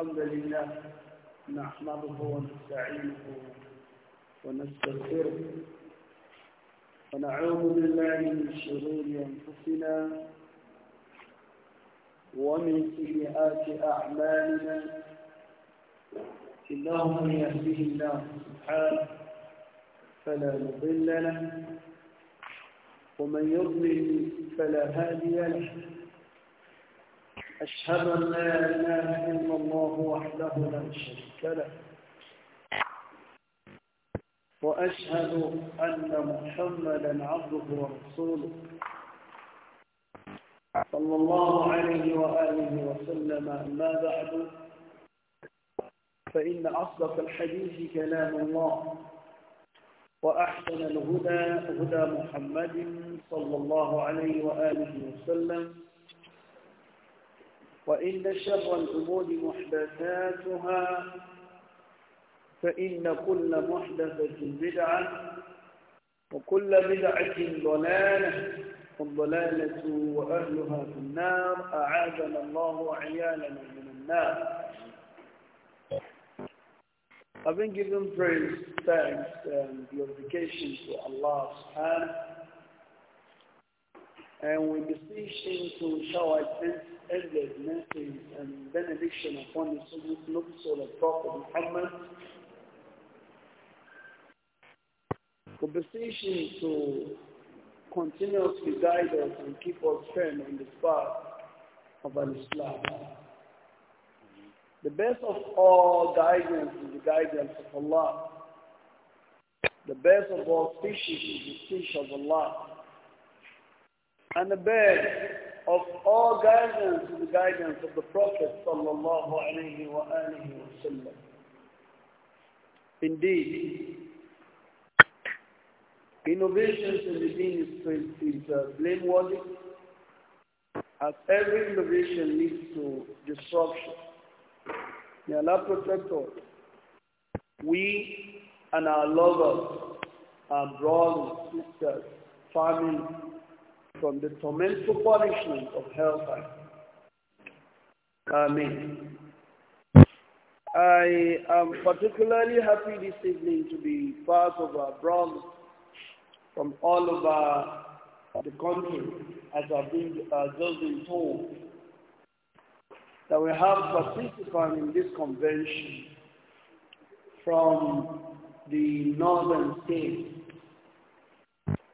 الحمد لله نحمده ونستعينه ونستغفره ونعوذ بالله من شرور انفسنا ومن سيئات اعمالنا انه من يهده الله سبحانه فلا مضل له ومن يضلل فلا هادي له أشهد أن لا إله إلا الله وحده لا شريك له وأشهد أن محمدا عبده ورسوله صلى الله عليه وآله وسلم ما بعد فإن أصدق الحديث كلام الله وأحسن الهدى هدى محمد صلى الله عليه وآله وسلم وإن شر الأمور محدثاتها فإن كل محدثة بدعة وكل بدعة ضلالة والضلالة وأهلها في النار أعاذنا الله وعيالنا من النار I've been given praise, thanks, and glorification to Allah subhanahu wa And we beseech Him to show blessings endless blessings and benediction upon his noble soul of Prophet Muhammad. Conversation to continuously guide us and keep us firm on the path of Islam. The best of all guidance is the guidance of Allah. The best of all species is the speech of Allah. And the best of all guidance the guidance of the Prophet sallallahu alayhi wa alihi wa Indeed, innovations in the deen is, is uh, blameworthy as every innovation leads to disruption. May Allah protect us. We and our lovers, our brothers, sisters, family, from the tormentful punishment of hellfire. Amen. I am particularly happy this evening to be part of our brothers from all over the country, as I've been, uh, just been told, that we have participants in this convention from the northern states,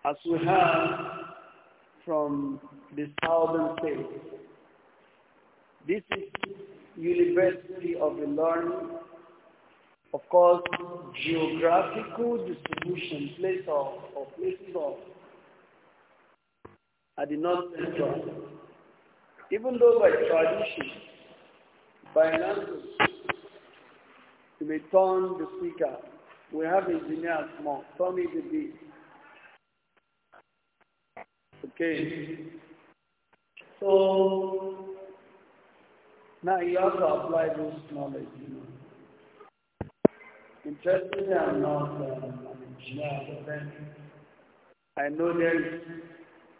as we have from the southern states. This is University of the Learning. Of course, geographical distribution, place of, or places of, at the north central. Even though by tradition, by language, you may turn the speaker. We have engineers more. Turn it a bit. Okay, So now you have to apply this knowledge. You know. Interestingly, I'm not um, an engineer, but then I know there is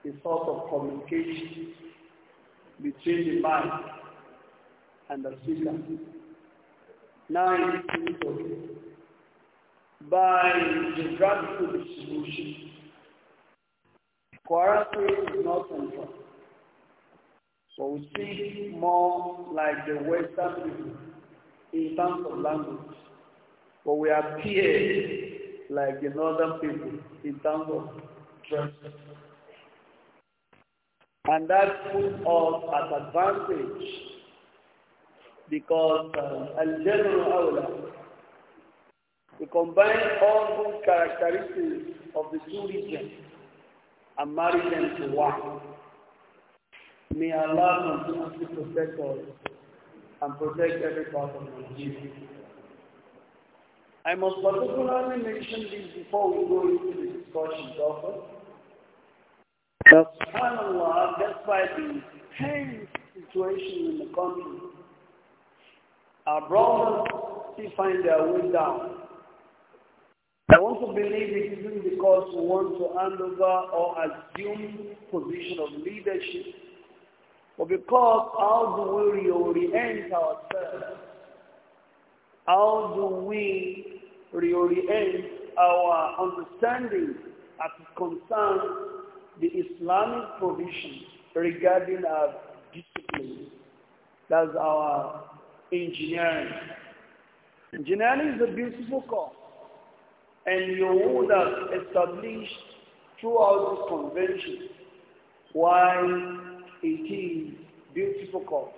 a sort of communication between the mind and the speaker. Now it is okay. By geographical distribution, Quran is not control. So we speak more like the Western people in terms of language. But we appear like the Northern people in terms of dress. And that puts us at advantage because in general uh, we combine all good characteristics of the two regions and marry them to one. May Allah continue to protect us and protect every part of Nigeria. I must particularly mention this before we go into the discussion, Doctor. That subhanAllah, despite the tense situation in the country, our brothers still find their way down I want to believe it isn't because we want to hand over or assume position of leadership, but because how do we reorient ourselves? How do we reorient our understanding as it concerns the Islamic provisions regarding our discipline? That's our engineering. Engineering is a beautiful course and Yehuda established throughout this convention why it is beautiful cause.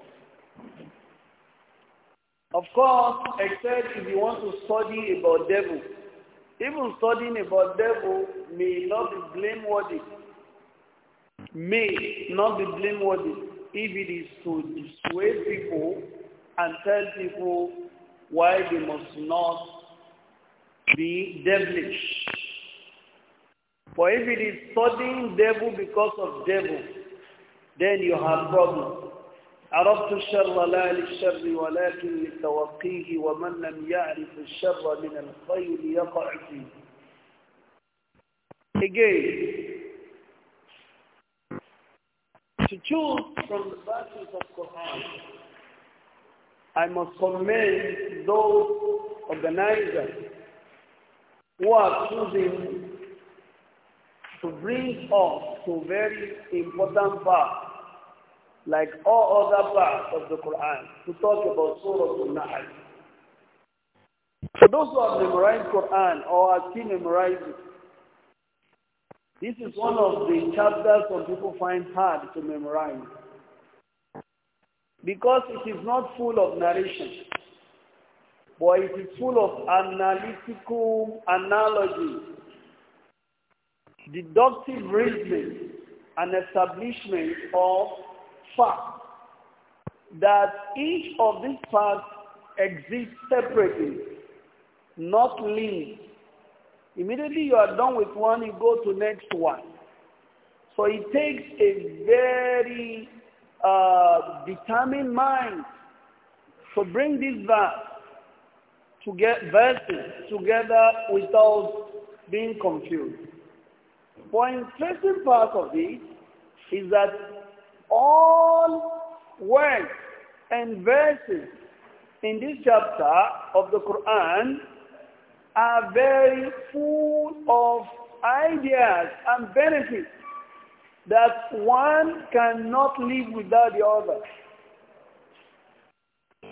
Of course, except if you want to study about devil. Even studying about devil may not be blameworthy. May not be blameworthy if it is to dissuade people and tell people why they must not be devilish. For if it is studying devil because of devil, then you have problem. عرفت الشر لا للشر ولكن لتوقيه ومن لم يعرف الشر من الخير يقع فيه. Again, to choose from the verses of Quran, I must commend those organizers Who are choosing to bring us to very important parts, like all other parts of the Quran, to talk about Surah Al-Nahl. For those who have memorized Quran or are still memorizing, this is one of the chapters some people find hard to memorize because it is not full of narration. but it is full of analytical analogy, deductive reasoning, and establishment of facts. That each of these facts exists separately, not linked. Immediately you are done with one, you go to next one. So it takes a very uh, determined mind to bring this back to get verses together without being confused. One interesting part of this is that all words and verses in this chapter of the Quran are very full of ideas and benefits that one cannot live without the other.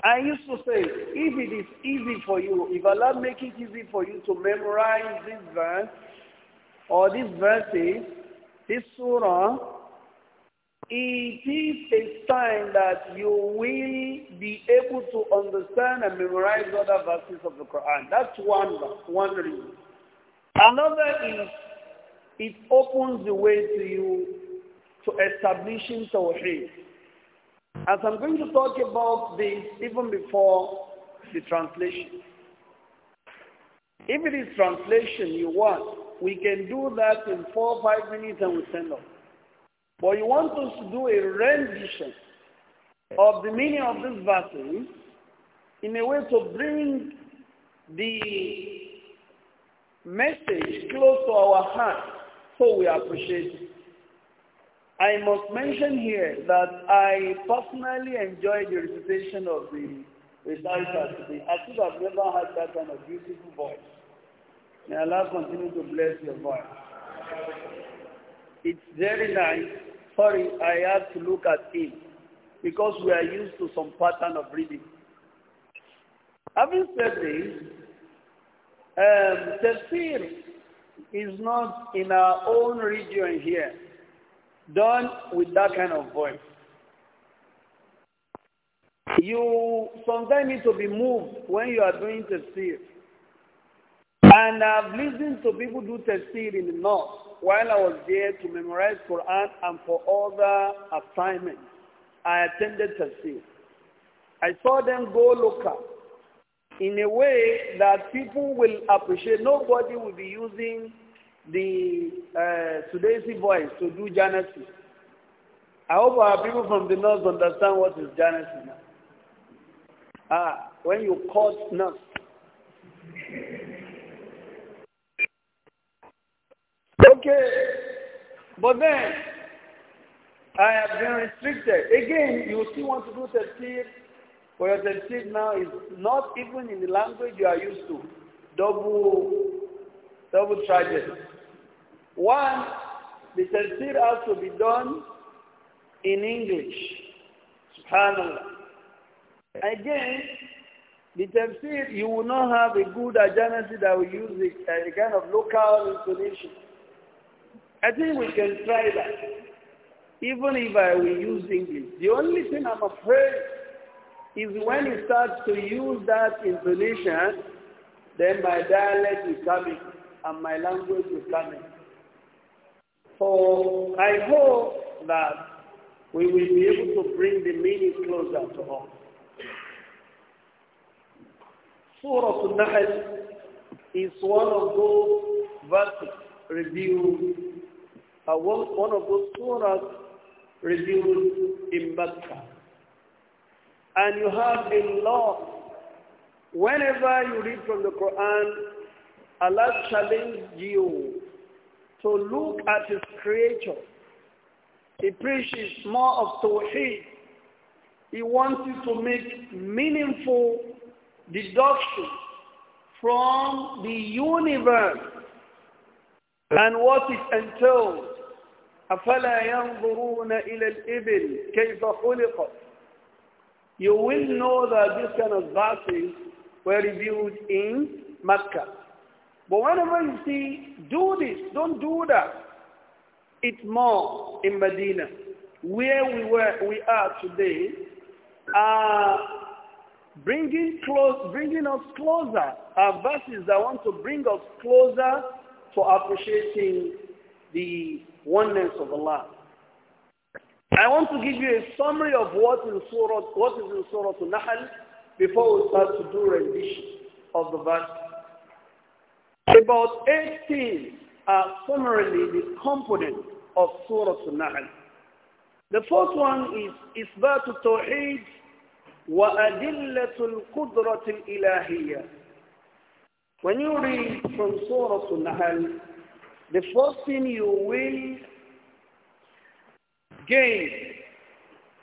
I used to say, if it is easy for you, if Allah make it easy for you to memorize this verse or this verses, this surah, it is a sign that you will be able to understand and memorize other verses of the Quran. That's one, one reason. Another is it opens the way to you to establishing Tawheed. As I'm going to talk about this even before the translation. If it is translation you want, we can do that in four or five minutes and we send off. But you want us to do a rendition of the meaning of this verse in a way to bring the message close to our heart so we appreciate it. I must mention here that I personally enjoy the recitation of the recital today. I think I've never had that kind of beautiful voice. May Allah continue to bless your voice. It's very nice. Sorry, I have to look at it because we are used to some pattern of reading. Having said this, um, tafsir is not in our own region here done with that kind of voice. You sometimes need to be moved when you are doing tafsir. And I've listened to people do tafsir in the north while I was there to memorize Quran and for other assignments. I attended tafsir. I saw them go local in a way that people will appreciate. Nobody will be using the uh, Sudesi boys to do Janasi. I hope our people from the north understand what is Janasi now. Ah, when you cut nuts. Okay, but then I have been restricted. Again, you still want to do tafsir, but your tafsir now is not even in the language you are used to. Double, double tragedy. One, the tafsir has to be done in English. SubhanAllah. Again, the tafsir, you will not have a good agency that will use the uh, a kind of local intonation. I think we can try that. Even if I will use English. The only thing I'm afraid is when he starts to use that intonation, then my dialect will come in and my language will come in. So I hope that we will be able to bring the meaning closer to us. Surah Al-Nahl is one of those verses revealed, uh, one, one of those surahs revealed in Mecca. And you have a law. Whenever you read from the Quran, Allah challenges you so look at his creator. He preaches more of Tawheed. He wants you to make meaningful deductions from the universe and what is entailed. أفلا ينظرون إلى الإبل كيف خلقت You will know that this kind of verses were revealed in Makkah. But whenever you see, do this, don't do that, it's more in Medina. Where we, were, we are today uh, bringing, close, bringing us closer, Our verses that want to bring us closer to appreciating the oneness of Allah. I want to give you a summary of what is in Surah, what is in Surah Al-Nahl before we start to do rendition of the verse. About 18 are summarily the components of Surah An-Nahl. The first one is wa التوحيد وأدلة al-Ilahiyya. When you read from Surah An-Nahl, the first thing you will gain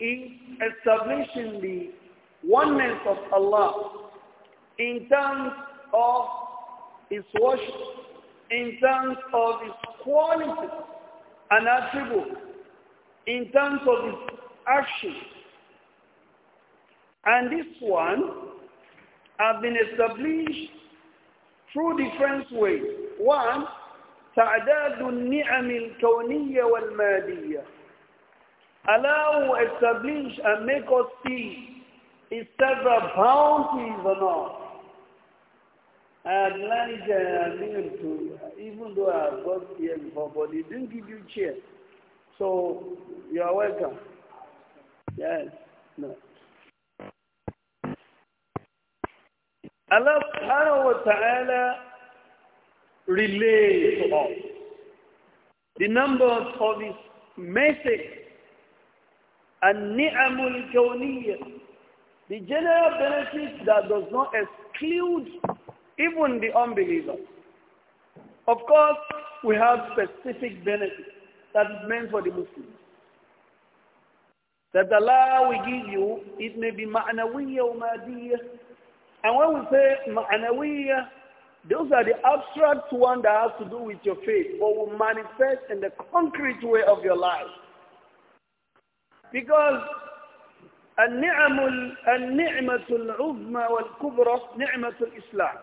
is establishing the oneness of Allah in terms of is worship in terms of its quality and attribute, in terms of its action. And this one has been established through different ways. One, تعداد النعم الكونية والمادية. Allow, establish, and make us see is several bounties on us. I had managed uh, Liam to, even though I've got here before, but he didn't give you chair. So you are welcome. Yes. No. Allah subhanahu wa ta'ala relays to us the numbers of his message and ni'amul kawniyah, the general benefits that does not exclude even the unbeliever. Of course, we have specific benefits that is meant for the Muslims. That Allah we give you, it may be ma'nawiyya or madiyya. And when we say ma'nawiyya, those are the abstract one that has to do with your faith, but will manifest in the concrete way of your life. Because النعم النعمة العظمى والكبرى نعمة الإسلام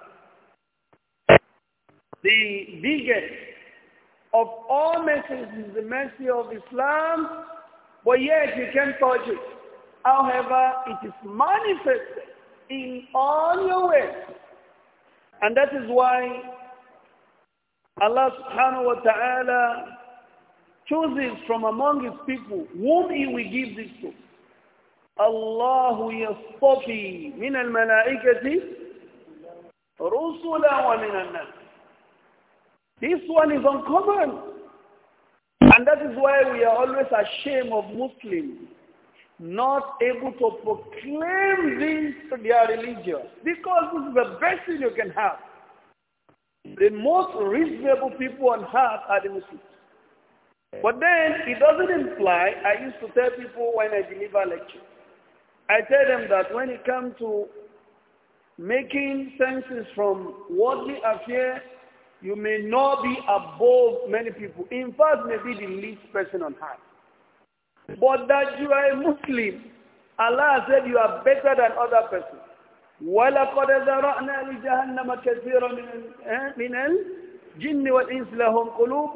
the biggest of all messages is the mercy of Islam, but yet you can't touch it. However, it is manifested in all your ways. And that is why Allah subhanahu wa ta'ala chooses from among his people whom he will give this to. الله يصطفي من الملائكة رسلا ومن الناس this one is uncommon. And that is why we are always ashamed of Muslims not able to proclaim this to their religion. Because this is the best thing you can have. The most reasonable people on earth are the Muslims. But then it doesn't imply, I used to tell people when I deliver lectures, I tell them that when it comes to making senses from worldly affairs You may not be above many people. In fact, maybe the least person on earth. But that you are a Muslim, Allah said you are better than other person. وَلَقَدْ ذَرَأْنَا لِجَهَنَّمَ كَثِيرًا eh, مِنَ الْجِنِّ وَالْإِنسِ لَهُمْ قُلُوبٌ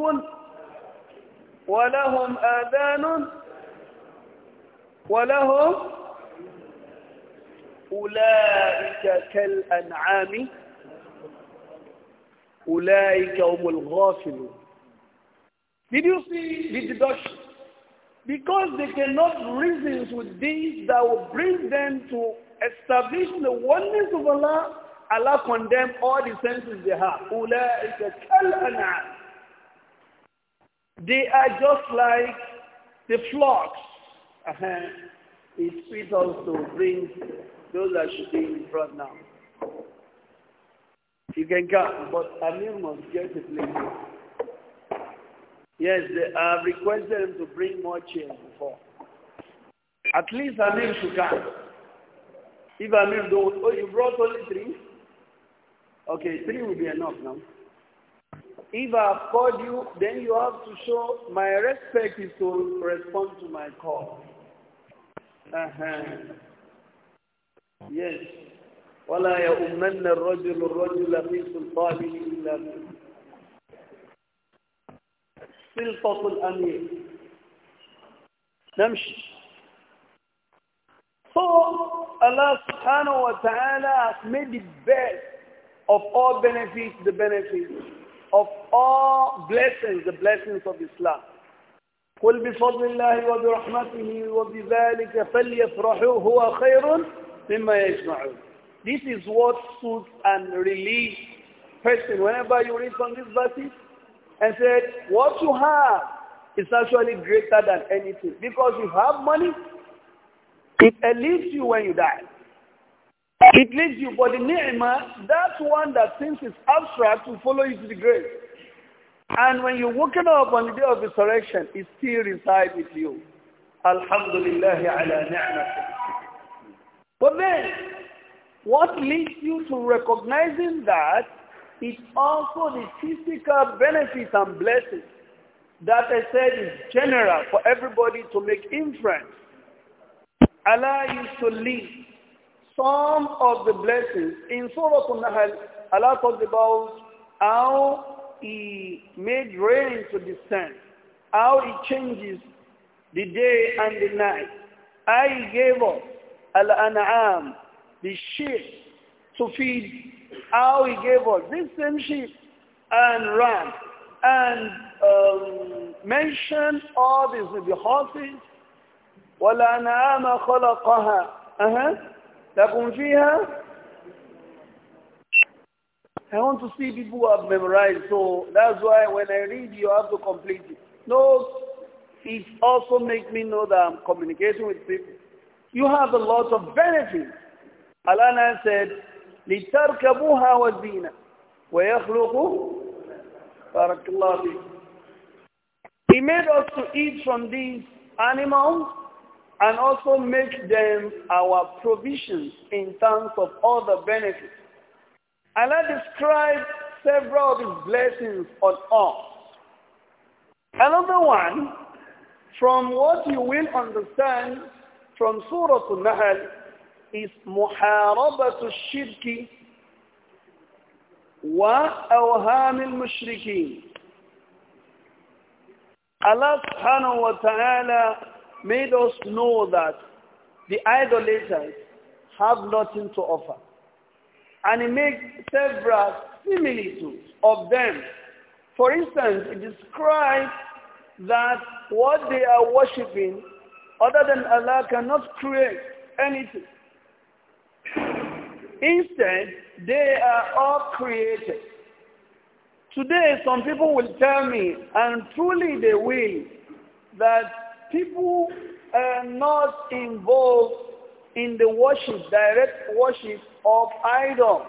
وَلَهُمْ آذَانٌ وَلَهُمْ أُولَئِكَ كَالْأَنْعَامِ Ulaika umul ghafilu. Did you see the deduction? Because they cannot reason with things that will bring them to establish the oneness of Allah, Allah condemn all the senses they have. Ulaika kal an'am. They are just like the flocks. Uh-huh. to bring also brings those that should be in front now. You can come, but Amir must get the place. Yes, I have requested him to bring more chairs before. At least Amir should come. If Amir don't, oh, you brought only three? Okay, three will be enough now. If i call you, then you have to show my respect is to respond to my call. Uh-huh. Yes. ولا يؤمن الرجل الرجل في سلطانه إلا سلطة الأمير نمشي So Allah subhanahu wa ta'ala has made the best of all benefits, the benefits of all blessings, the blessings of Islam. قل بفضل الله وبرحمته وبذلك فليفرحوا هو خير مما يجمعون This is what soothes and relieves person. Whenever you read from this verses and said, what you have is actually greater than anything. Because you have money, it leaves you when you die. It leaves you, but the ni'mah, that's one that seems is abstract will follow you to the grave. And when you're woken up on the day of resurrection, it still resides with you. Alhamdulillah ala ni'mah. But then, what leads you to recognizing that it's also the physical benefits and blessings that I said is general for everybody to make inference. Allah used to lead some of the blessings. In Surah Al-Nahl, Allah talks about how He made rain to descend, how He changes the day and the night. I gave us Al-An'am, the sheep to feed how he gave us this same sheep and ran and um, all these with the horses والأنعام خلقها لكم فيها I want to see people who have memorized, so that's why when I read, you have to complete it. No, it also makes me know that I'm communicating with people. You have a lot of benefits Allah said, لِتَرْكَبُوهَا وَالزِّينَ وَيَخْلُقُ بَارَكَ اللَّهُ He made us to eat from these animals and also make them our provisions in terms of all the benefits. Allah described several of his blessings on us. Another one, from what you will understand from Surah Al-Nahl, محاربة الشرك وأوهام المشركين Allah سبحانه وتعالى made us know that the idolaters have nothing to offer. And he makes several similitudes of them. For instance, he describes that what they are worshipping other than Allah cannot create anything. Instead, they are all created. Today, some people will tell me, and truly they will, that people are not involved in the worship, direct worship of idols.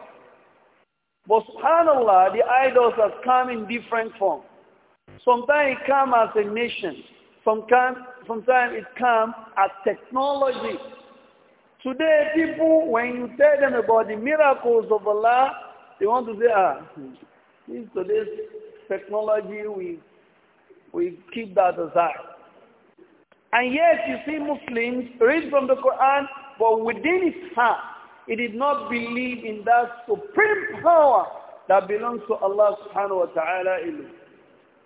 But subhanAllah, the idols have come in different form. Sometimes it comes as a nation. Sometimes, sometimes it comes as technology. Today, people, when you tell them about the miracles of Allah, they want to say, ah, this today's technology, we, we keep that aside. And yes, you see Muslims read from the Quran, but within its heart, it did not believe in that supreme power that belongs to Allah subhanahu wa ta'ala.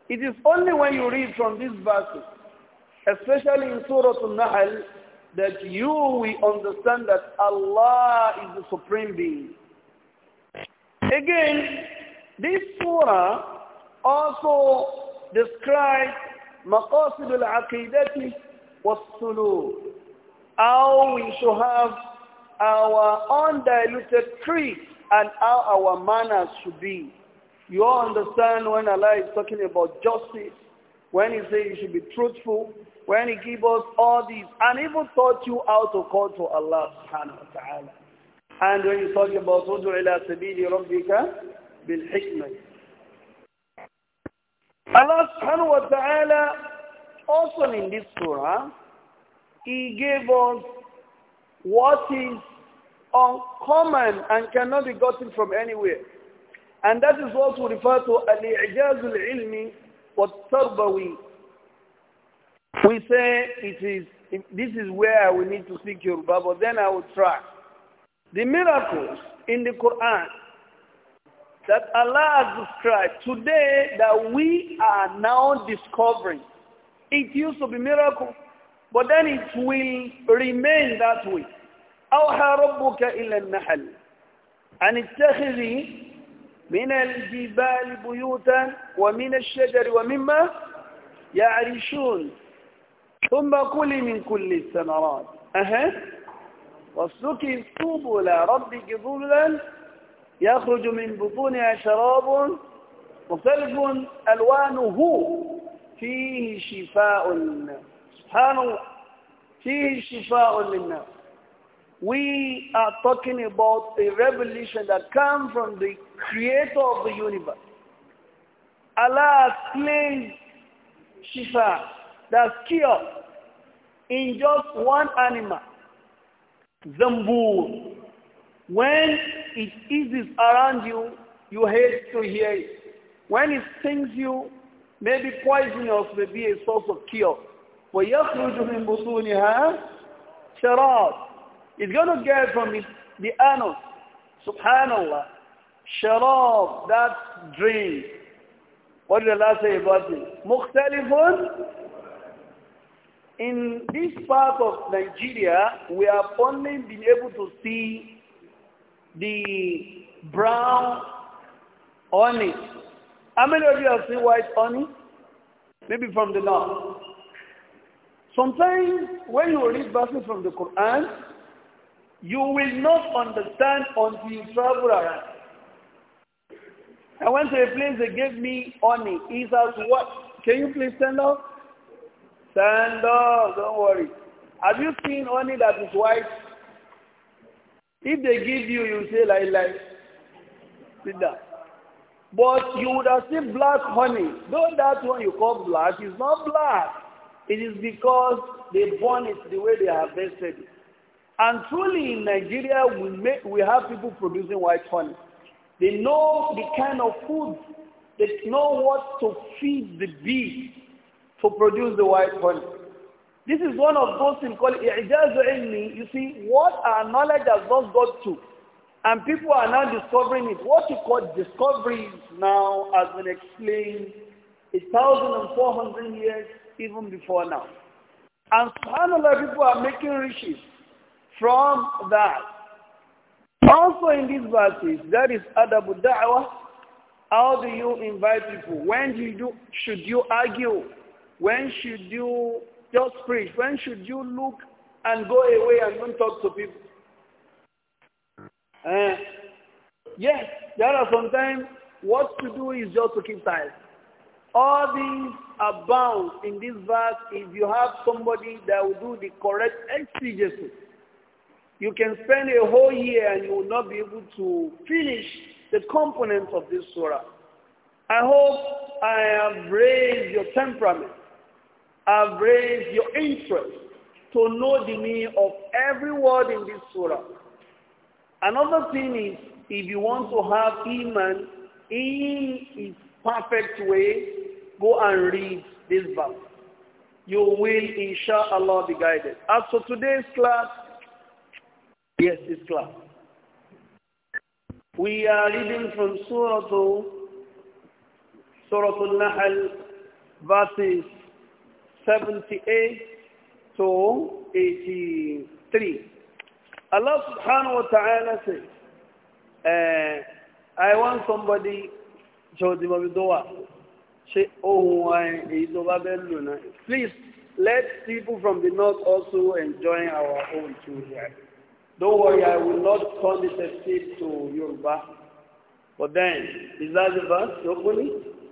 It is only when you read from these verses, especially in Surah an nahl that you will understand that Allah is the supreme being. Again, this surah also describes مقاصد العقيدة والسلوك how we should have our undiluted creed and how our manners should be. You all understand when Allah is talking about justice, when he says you should be truthful, when he gave us all these and even taught you how to call to Allah subhanahu wa ta'ala. And when you talk about Udu ila sabili rabbika bil hikmah. Allah subhanahu wa ta'ala also in this surah, he gave us what is uncommon and cannot be gotten from anywhere. And that is what we refer to al-i'jaz al-ilmi wa al-tarbawi we say it is, this is where we need to speak Yoruba, but then I will try. The miracles in the Quran that Allah has described today that we are now discovering. It used to be miracle, but then it will remain that way. أوحى ربك إلى النحل أن اتخذي من الجبال بيوتا ومن الشجر ومما يعرشون ثم كلي من كل الثمرات أها واسلكي سبل ربك ذلا يخرج من بطونها شراب مختلف ألوانه فيه شفاء للناس سبحان الله فيه شفاء للناس We are talking about a revelation that comes from the creator of the universe. Allah explains Shifa That's cure in just one animal. Zambur. When it eases around you, you hate to hear it. When it stings you, maybe poisonous may be a source of cure. وَيَخْرُجُ مِنْ بُطُونِهَا شَرَابٌ It's going to get from the anus. Subhanallah. Sharab, that drink. What did Allah say about it? مُخْتَلِفٌ in this part of Nigeria, we have only been able to see the brown honey. How many of you have seen white honey? Maybe from the north. Sometimes when you read verses from the Quran, you will not understand until you travel around. I went to a place they gave me honey. It's as what? Can you please stand up? Stand up, don't worry. Have you seen honey that is white? If they give you, you say like like sit down. But you would have seen black honey. Though that one you call black is not black. It is because they burn it the way they harvested it. And truly in Nigeria, we, make, we have people producing white honey. They know the kind of food. They know what to feed the bees to produce the white honey. This is one of those things called ilmi. You see, what our knowledge has not got to, and people are now discovering it. What you call discoveries now has been explained a thousand and four hundred years even before now. And subhanAllah, people are making riches from that. Also in these verses, that is adabu da'wah. How do you invite people? When do you do, should you argue? When should you just preach? When should you look and go away and don't talk to people? Uh, yes, there are sometimes what to do is just to keep silent. All these abound in this verse if you have somebody that will do the correct exegesis. You can spend a whole year and you will not be able to finish the components of this surah. I hope I have raised your temperament have raised your interest to know the meaning of every word in this surah. Another thing is, if you want to have Iman in its perfect way, go and read this verse. You will, inshallah, be guided. As for today's class, yes, this class. We are reading from Surah to Surah Al-Nahl, verses 78 to 83. Allah subhanahu wa ta'ala says, uh, I want somebody, Jodi Mabidowa, please let people from the north also enjoy our own too here. Don't worry, I will not turn this estate to Yoruba. But then, is that the verse? Hopefully?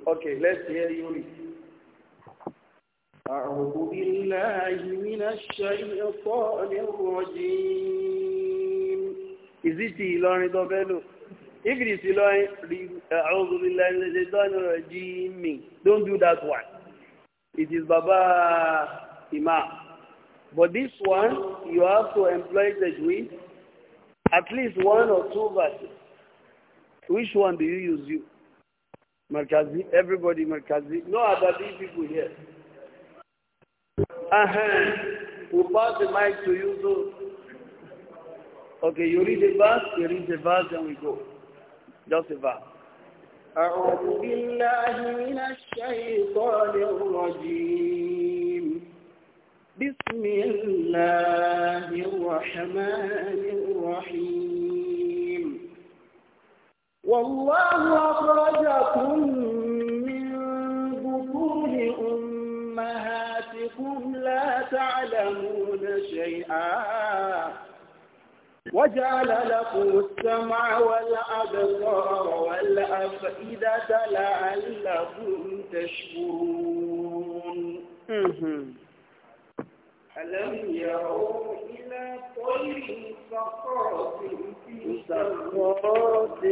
Okay, let's hear you read. أعوذ بالله من الشيطان الرجيم Is it Ilorin Dobelo? If it is Ilorin, أعوذ بالله من الشيطان الرجيم. Don't do that one. It is Baba Imam. But this one, you have to employ the with at least one or two verses. Which one do you use? You? Markazi, everybody Markazi. No Abadi people here. Ahem. We pass the mic to you, so. Okay, you read the verse, you read the verse, then we go. Just the verse. أعوذ بالله من الشيطان الرجيم بسم الله الرحمن الرحيم والله أخرجكم أنكم لا تعلمون شيئا وجعل لكم السمع والأبصار والأفئدة لعلكم تشكرون ألم يروا إلى طير مسخرات في مسخرات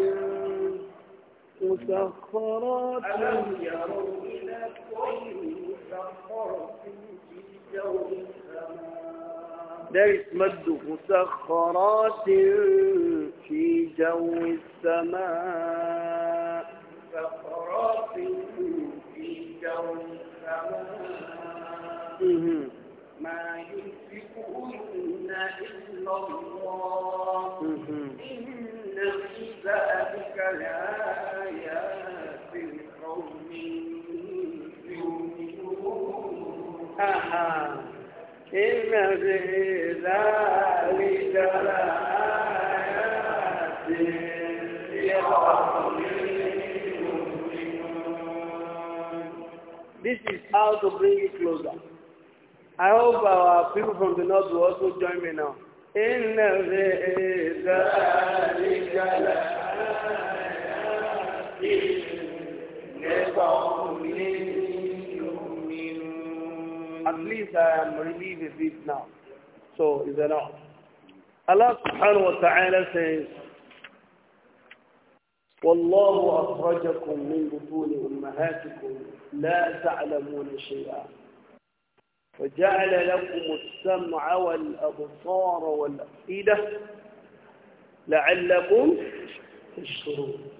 مسخرات ألم يروا إلى طير مسخرات ليس مد مسخرات في جو السماء مسخرات في جو السماء ما يمسكهن إلا الله إن في ذلك لآيات القوم يؤمنون This is how to bring it closer. I hope our people from the north will also join me now. إن at least I am relieved of this now. So is all? Allah subhanahu wa ta'ala says, والله أخرجكم من بطون أمهاتكم لا تعلمون شيئا وجعل لكم السمع والأبصار والأفئدة لعلكم تشكرون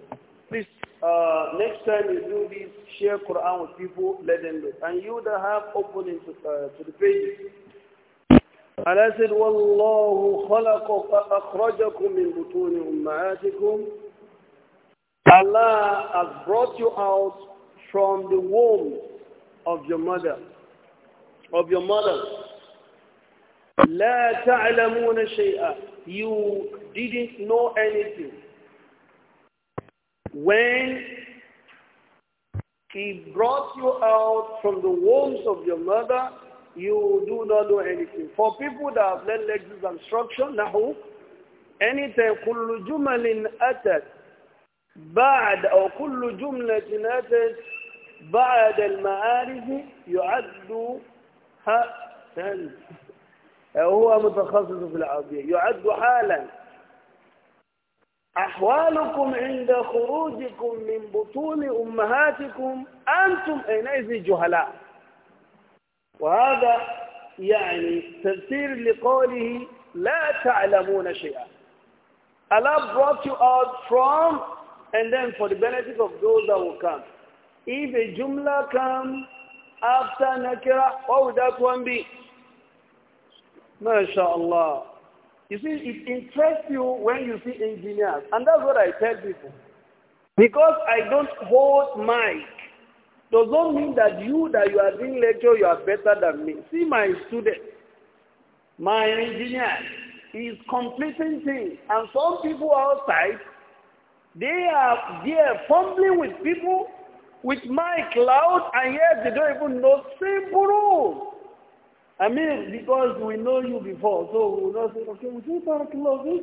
Uh, next time you do this, share Quran with people, let them know. And you that have opened into, uh, to the pages. And I said, وَاللَّهُ خَلَقَ أَخْرَجَكُم مِّن بُطُونِ أُمَّهَاتِكُمْ Allah has brought you out from the womb of your mother. Of your mother. لَا تَعْلَمُونَ شَيْئًا You didn't know anything when he brought you out from the wombs of your mother, you do not know anything. For people that have learned like this instruction, nahu, anytime كل جمل أتت بعد أو كل جملة أتت بعد المعارف يعد حسن هو متخصص في العربية يعد حالا أحوالكم عند خروجكم من بطون أمهاتكم أنتم حينئذ جهلاء وهذا يعني تفسير لقوله لا تعلمون شيئا Allah brought you out from and then for the benefit of those that will come. If a jumla comes after nakira, what would that one be? MashaAllah. You see, it interests you when you see engineers. And that's what I tell people. Because I don't hold mic does not mean that you that you are doing lecture, you are better than me. See my student, my engineer, is completing things. And some people outside, they are they are fumbling with people with mic loud and yet they don't even know simple rules. I mean, because we know you before, so we know, say, okay, we say Barakallah,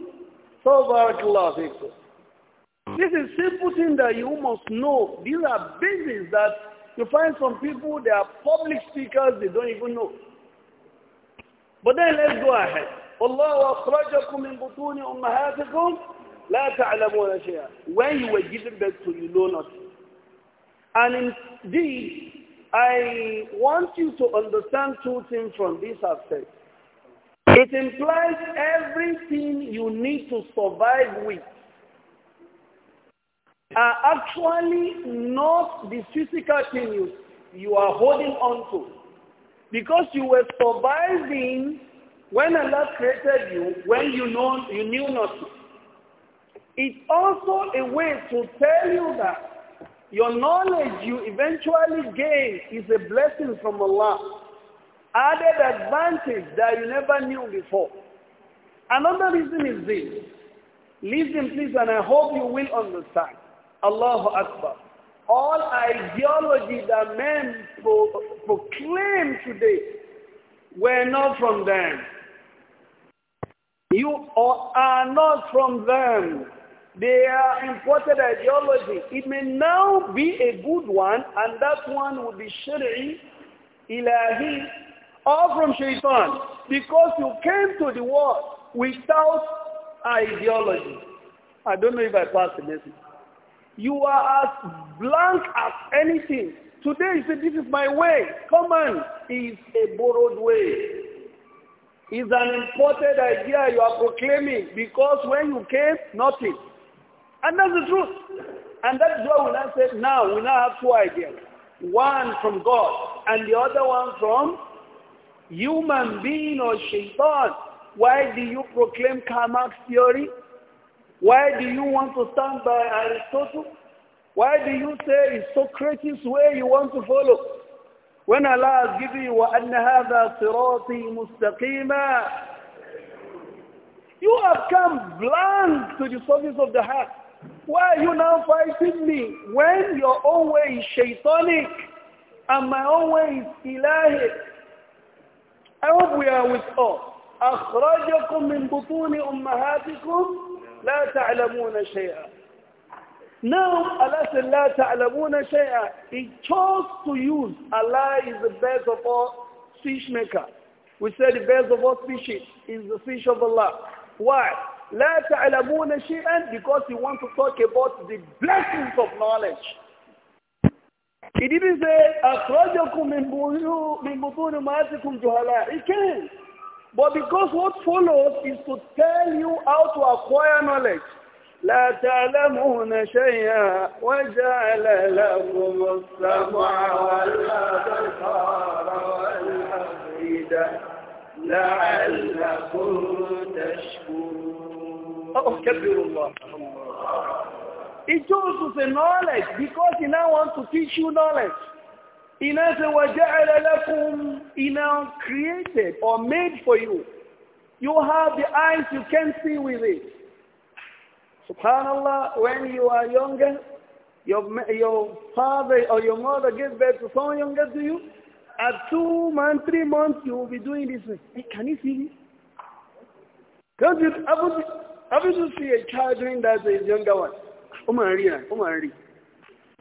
so Barakallah. This is simple thing that you must know. These are basics that you find some people, they are public speakers, they don't even know. But then let's go ahead. Allah أخرجكم من بطون أمهاتكم لا تعلمون شيئا. When you were given birth to you know nothing. And indeed, I want you to understand two things from this aspect. It implies everything you need to survive with are actually not the physical things you are holding on to. Because you were surviving when Allah created you, when you, know, you knew nothing. It's also a way to tell you that your knowledge you eventually gain is a blessing from Allah. Added advantage that you never knew before. Another reason is this. Listen please and I hope you will understand. Allahu Akbar. All ideology that men pro proclaim today were not from them. You are not from them. They are imported ideology. It may now be a good one, and that one will be shari, ilahi, or from shaitan, because you came to the world without ideology. I don't know if I passed the message. You are as blank as anything. Today you say, this is my way. Command is a borrowed way. It's an imported idea you are proclaiming because when you came, nothing. And that's the truth. And that's why we now say, now we now have two ideas. One from God and the other one from human being or shaitan. Why do you proclaim Karl Marx theory? Why do you want to stand by Aristotle? Why do you say it's Socrates' way you want to follow? When Allah has given you, وَأَنَّ هَذَا صِرَاطِي مُسْتَقِيمًا You have come blind to the surface of the heart. Why are you now fighting me when your own way is shaitanic and my own way is ilahic? I hope we are with us. أخرجكم من بطون أمهاتكم لا تعلمون شيئا. Now Allah said, لا تعلمون شيئا. He chose to use Allah is the best of all fish maker. We said the best of all fishes is the fish of Allah. Why? because he wants to talk about the blessings of knowledge. He didn't say, He can. But because what follows is to tell you how to acquire knowledge. لا تعلمون شيئا وجعل لكم السمع والأبصار والأفئدة لعلكم تشكرون Oh, Kabirullah. He chose to say knowledge because he now wants to teach you knowledge. He now said, وَجَعَلَ He now created or made for you. You have the eyes you can see with it. Subhanallah, when you are younger, your, your father or your mother gives birth to someone younger to you, at two months, three months, you will be doing this. Hey, can you see me? Can't you, haven't Haven't you seen a child doing that younger one? Ó máa ń rí náà, ó máa ń rí.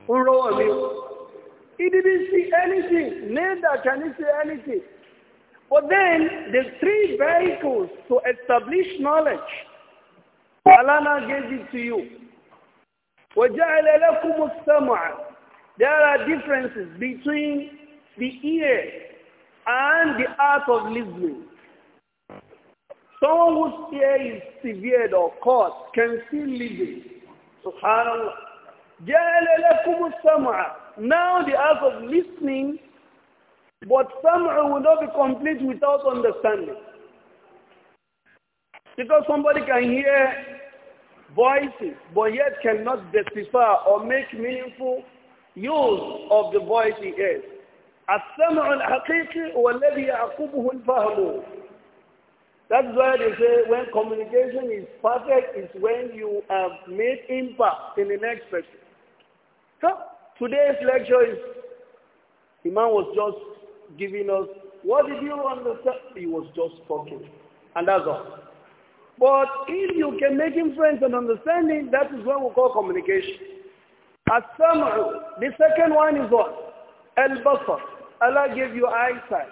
Ó ń rọ́wọ́ mi. He didn't see anything, neither can he see anything. But then, the three vehicles to establish knowledge, Allah now gave it to you. وَجَعَلَ لَكُمُ السَّمْعَ There are differences between the ear and the art of listening. Someone whose fear is severed or caught can still live it. Subhanallah. Now the act of listening, but sam'ah will not be complete without understanding. Because somebody can hear voices, but yet cannot decipher or make meaningful use of the voice he hears. السمع الحقيقي هو الذي يعقبه الفهم that's why they say when communication is perfect is when you have um, made impact in the next person. So today's lecture is man was just giving us what did you understand? He was just talking. And that's all. But if you can make him friends and understanding, that is what we call communication. As-sam'u. The second one is what? Al-basar. Allah gave you eyesight.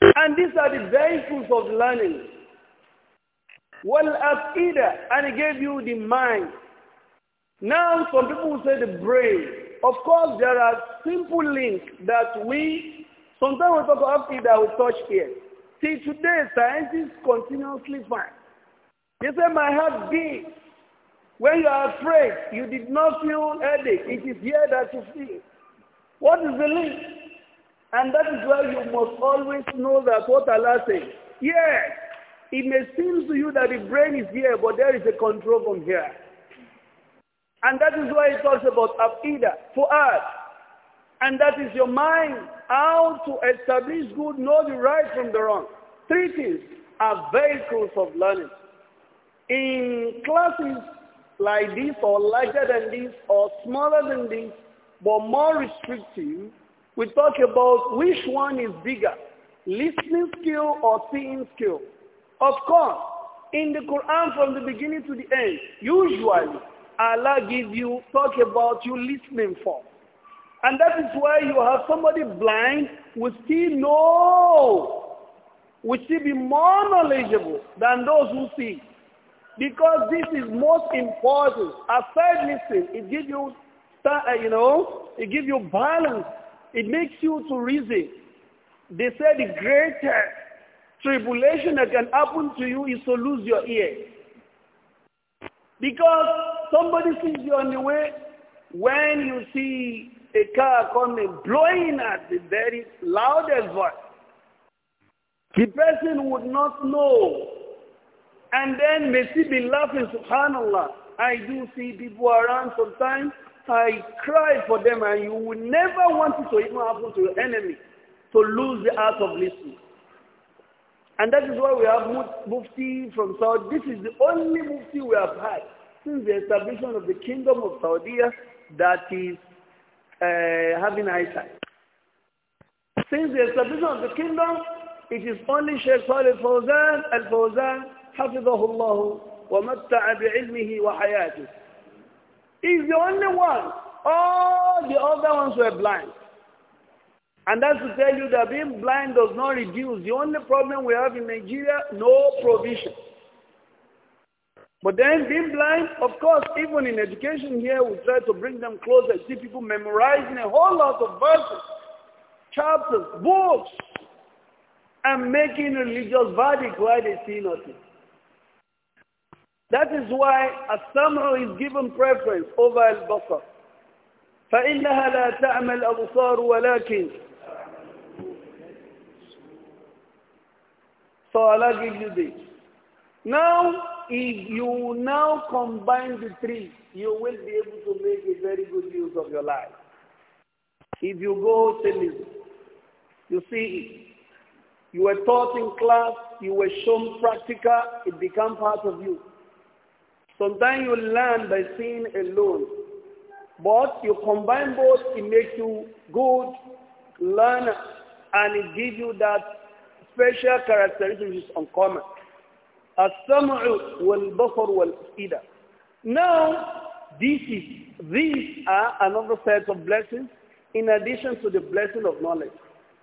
And these are the vehicles of learning. Well, as either, and he gave you the mind. Now, some people will say the brain. Of course, there are simple links that we, sometimes we talk about it that we touch here. See, today, scientists continuously find. They say, my heart beats. When you are afraid, you did not feel headache. It is here that you feel. What is the link? And that is why you must always know that what Allah says. Yes, it may seem to you that the brain is here, but there is a control from here. And that is why it talks about Aqidah, for us. And that is your mind, how to establish good, know the right from the wrong. Three things are vehicles of learning. In classes like this or larger than this or smaller than this, but more restrictive, we talk about which one is bigger, listening skill or seeing skill. Of course, in the Quran from the beginning to the end, usually Allah gives you talk about you listening for. And that is why you have somebody blind will still know, will still be more knowledgeable than those who see. Because this is most important. Aside listening, it gives you, uh, you know, it gives you balance it makes you to reason. They say the greatest tribulation that can happen to you is to lose your ear. Because somebody sees you on the way, when you see a car coming, blowing at the very loudest voice, the person would not know. And then may be laughing, subhanAllah. I do see people around sometimes, I cry for them and you will never want it to even happen to your enemy to lose the art of listening. And that is why we have Mufti from Saudi. This is the only Mufti we have had since the establishment of the Kingdom of Saudi that is uh, having eyesight. Since the establishment of the kingdom, it is only Sheikh al Fawzan, Al-Fawzan, حفظه الله ومتع بعلمه وحياته He's the only one. All the other ones were blind. And that's to tell you that being blind does not reduce. The only problem we have in Nigeria, no provision. But then being blind, of course, even in education here, we try to bring them closer. I see people memorizing a whole lot of verses, chapters, books, and making religious verdict while they see nothing. That is why as-sam'u is given preference over al-basar. فإنها لا تعمى الأبصار ولكن So Allah gives you this. Now, if you now combine the three, you will be able to make a very good use of your life. If you go to you see You were taught in class, you were shown practical, it becomes part of you. Sometimes you learn by seeing alone. But you combine both, it makes you good, learner, and it gives you that special characteristic which is uncommon. As-sam'u wal-basar wal-ida. Now, this is, these are another set of blessings in addition to the blessing of knowledge.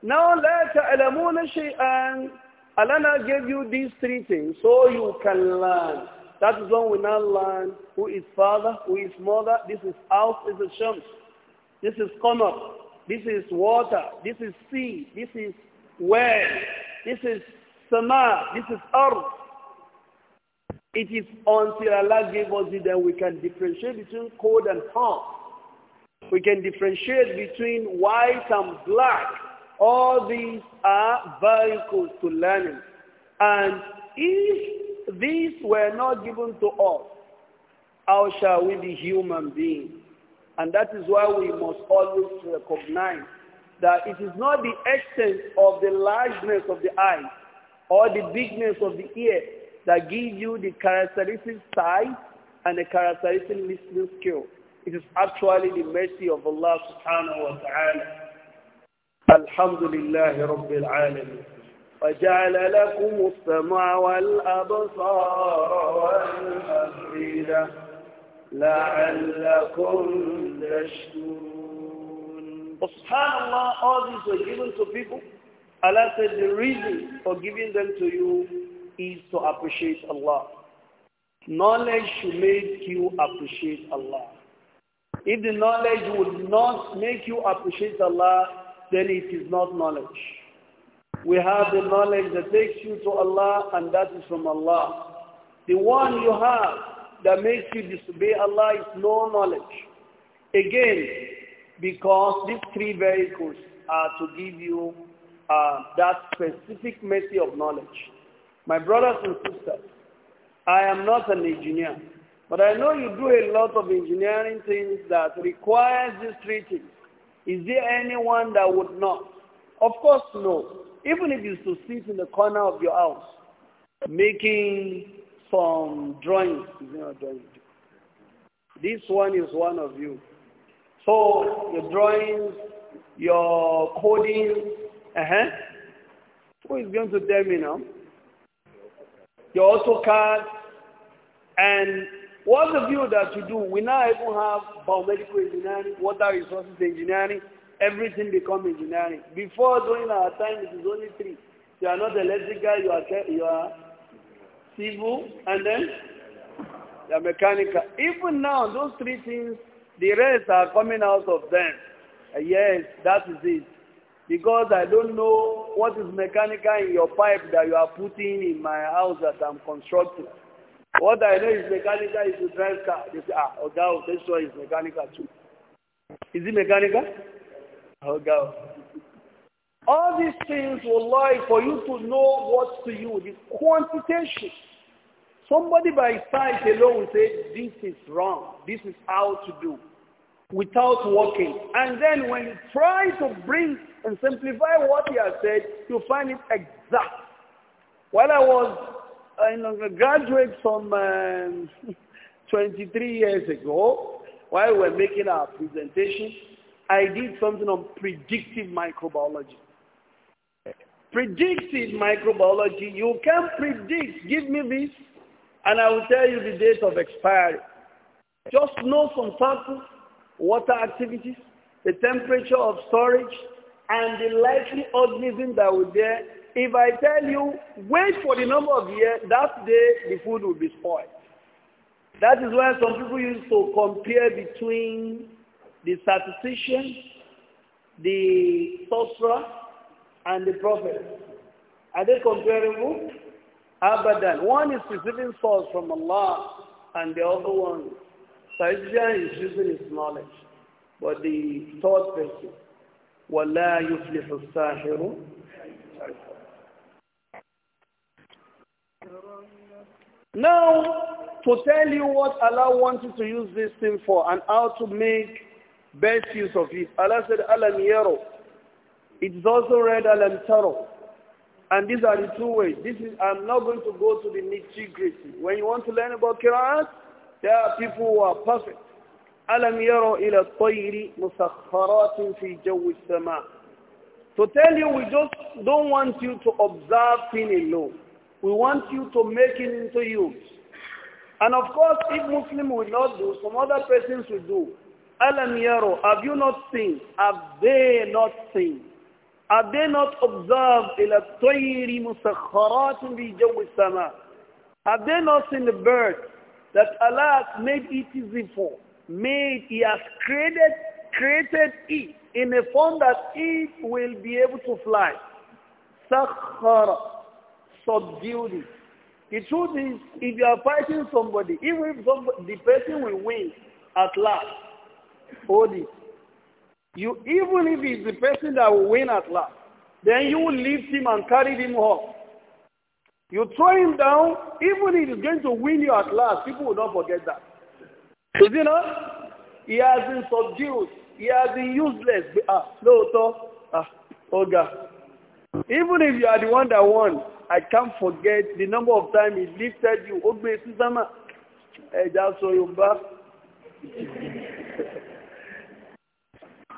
Now, let تَعْلَمُونَ and Allah gave you these three things so you can learn. That is when we now learn who is father, who is mother, this is house, this is shams, this is corner, this is water, this is sea, this is well, this is sama, this is earth. It is until Allah gave us it that we can differentiate between cold and hot. We can differentiate between white and black. All these are vehicles to learning. And if these were not given to us. How shall we be human beings? And that is why we must always recognize that it is not the extent of the largeness of the eye or the bigness of the ear that gives you the characteristic size and the characteristic listening skill. It is actually the mercy of Allah subhanahu wa ta'ala. Alhamdulillah Rabbil Alameen. وجعل لكم السمع والأبصار والأفئدة لعلكم تشكرون Subhanallah, all these were given to people. Allah said the reason for giving them to you is to appreciate Allah. Knowledge should make you appreciate Allah. If the knowledge would not make you appreciate Allah, then it is not knowledge. We have the knowledge that takes you to Allah and that is from Allah. The one you have that makes you disobey Allah is no knowledge. Again, because these three vehicles are to give you uh, that specific method of knowledge. My brothers and sisters, I am not an engineer, but I know you do a lot of engineering things that requires these three things. Is there anyone that would not? Of course, no. Even if you to sit in the corner of your house making some drawings, you know, drawings. This one is one of you. So your drawings, your coding, uh-huh. Who is going to tell me now? Your AutoCAD and what the view that you do, we now even have biomedical engineering, water resources engineering, everything become engineering. Before during our time, it is only three. You are not electrical, you are, you are civil, and then you are mechanical. Even now, those three things, the rest are coming out of them. Uh, yes, that is it. Because I don't know what is mechanical in your pipe that you are putting in my house that I'm constructing. What I know is mechanical is to drive car. They say, ah, Oga, this one is mechanical too. Is it mechanical? All these things will lie for you to know what to you, the quantitation. Somebody by sight alone will say, this is wrong, this is how to do, without working. And then when you try to bring and simplify what he has said, you find it exact. While I was uh, a graduate from um, 23 years ago, while we were making our presentation, I did something on predictive microbiology. Predictive microbiology, you can predict, give me this, and I will tell you the date of expiry. Just know some samples, water activities, the temperature of storage, and the likely organism that will there. If I tell you, wait for the number of years, that day the food will be spoiled. That is why some people used to compare between the statistician, the sorcerer, and the prophet. Are they comparable? Abadan. One is receiving source from Allah, and the other one, statistician is using his knowledge. But the third person, وَلَا يُفْلِحُ السَّاحِرُ Now, to tell you what Allah wants to use this thing for and how to make best use of it. Allah said, Alam Yero. It is also read Alam Taro. And these are the two ways. This is, I'm not going to go to the nitty gritty. When you want to learn about Quran, there are people who are perfect. Alam yero ila الطَّيْرِ مُسَخَّرَاتٍ fi جَوِّ السَّمَاءِ To tell you, we just don't want you to observe thing alone. We want you to make it into use. And of course, if Muslim will not do, some other persons will do. Alam yaro, have you not seen? Have they not seen? Have they not observed إلى الطير مسخرات بجو السماء? Have they not seen the bird that Allah has made it easy for? Made, He has created, created it in a form that it will be able to fly. Sakhara, subdued it. The truth is, if you are fighting somebody, even if somebody, the person will win at last, Hold it. You, even if he's the person that will win at last, then you lift him and carry him up. You throw him down, even if he's going to win you at last, people will not forget that. Is it not? He has been subdued. He has been useless. Ah, no, lóòótọ́, ah, ọ̀gá. Even if you are the one that won, I can't forget the number of times he lifted you. Ó gbé e sísámà. Ẹja sọ Yorùbá.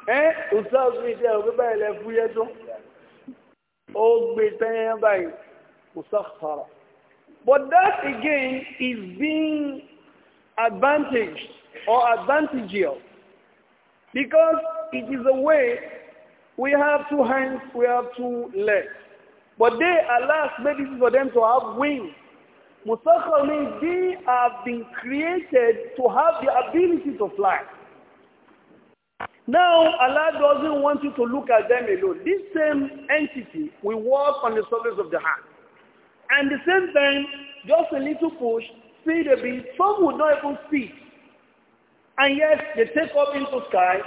ọ̀gbẹ́ báyìí lẹ fúyẹ́ tó ó gbé tẹ́yẹ́ báyìí but that again is being advantaged or advantageous because it is a way we have two hands we have two legs but they alas Maybe it for them to have wings musakhara means they have been created to have the ability to fly. Now, Allah doesn't want you to look at them alone. This same entity will work on the surface of the earth, And the same time, just a little push, see the beam. Some would not even see. And yet, they take up into sky,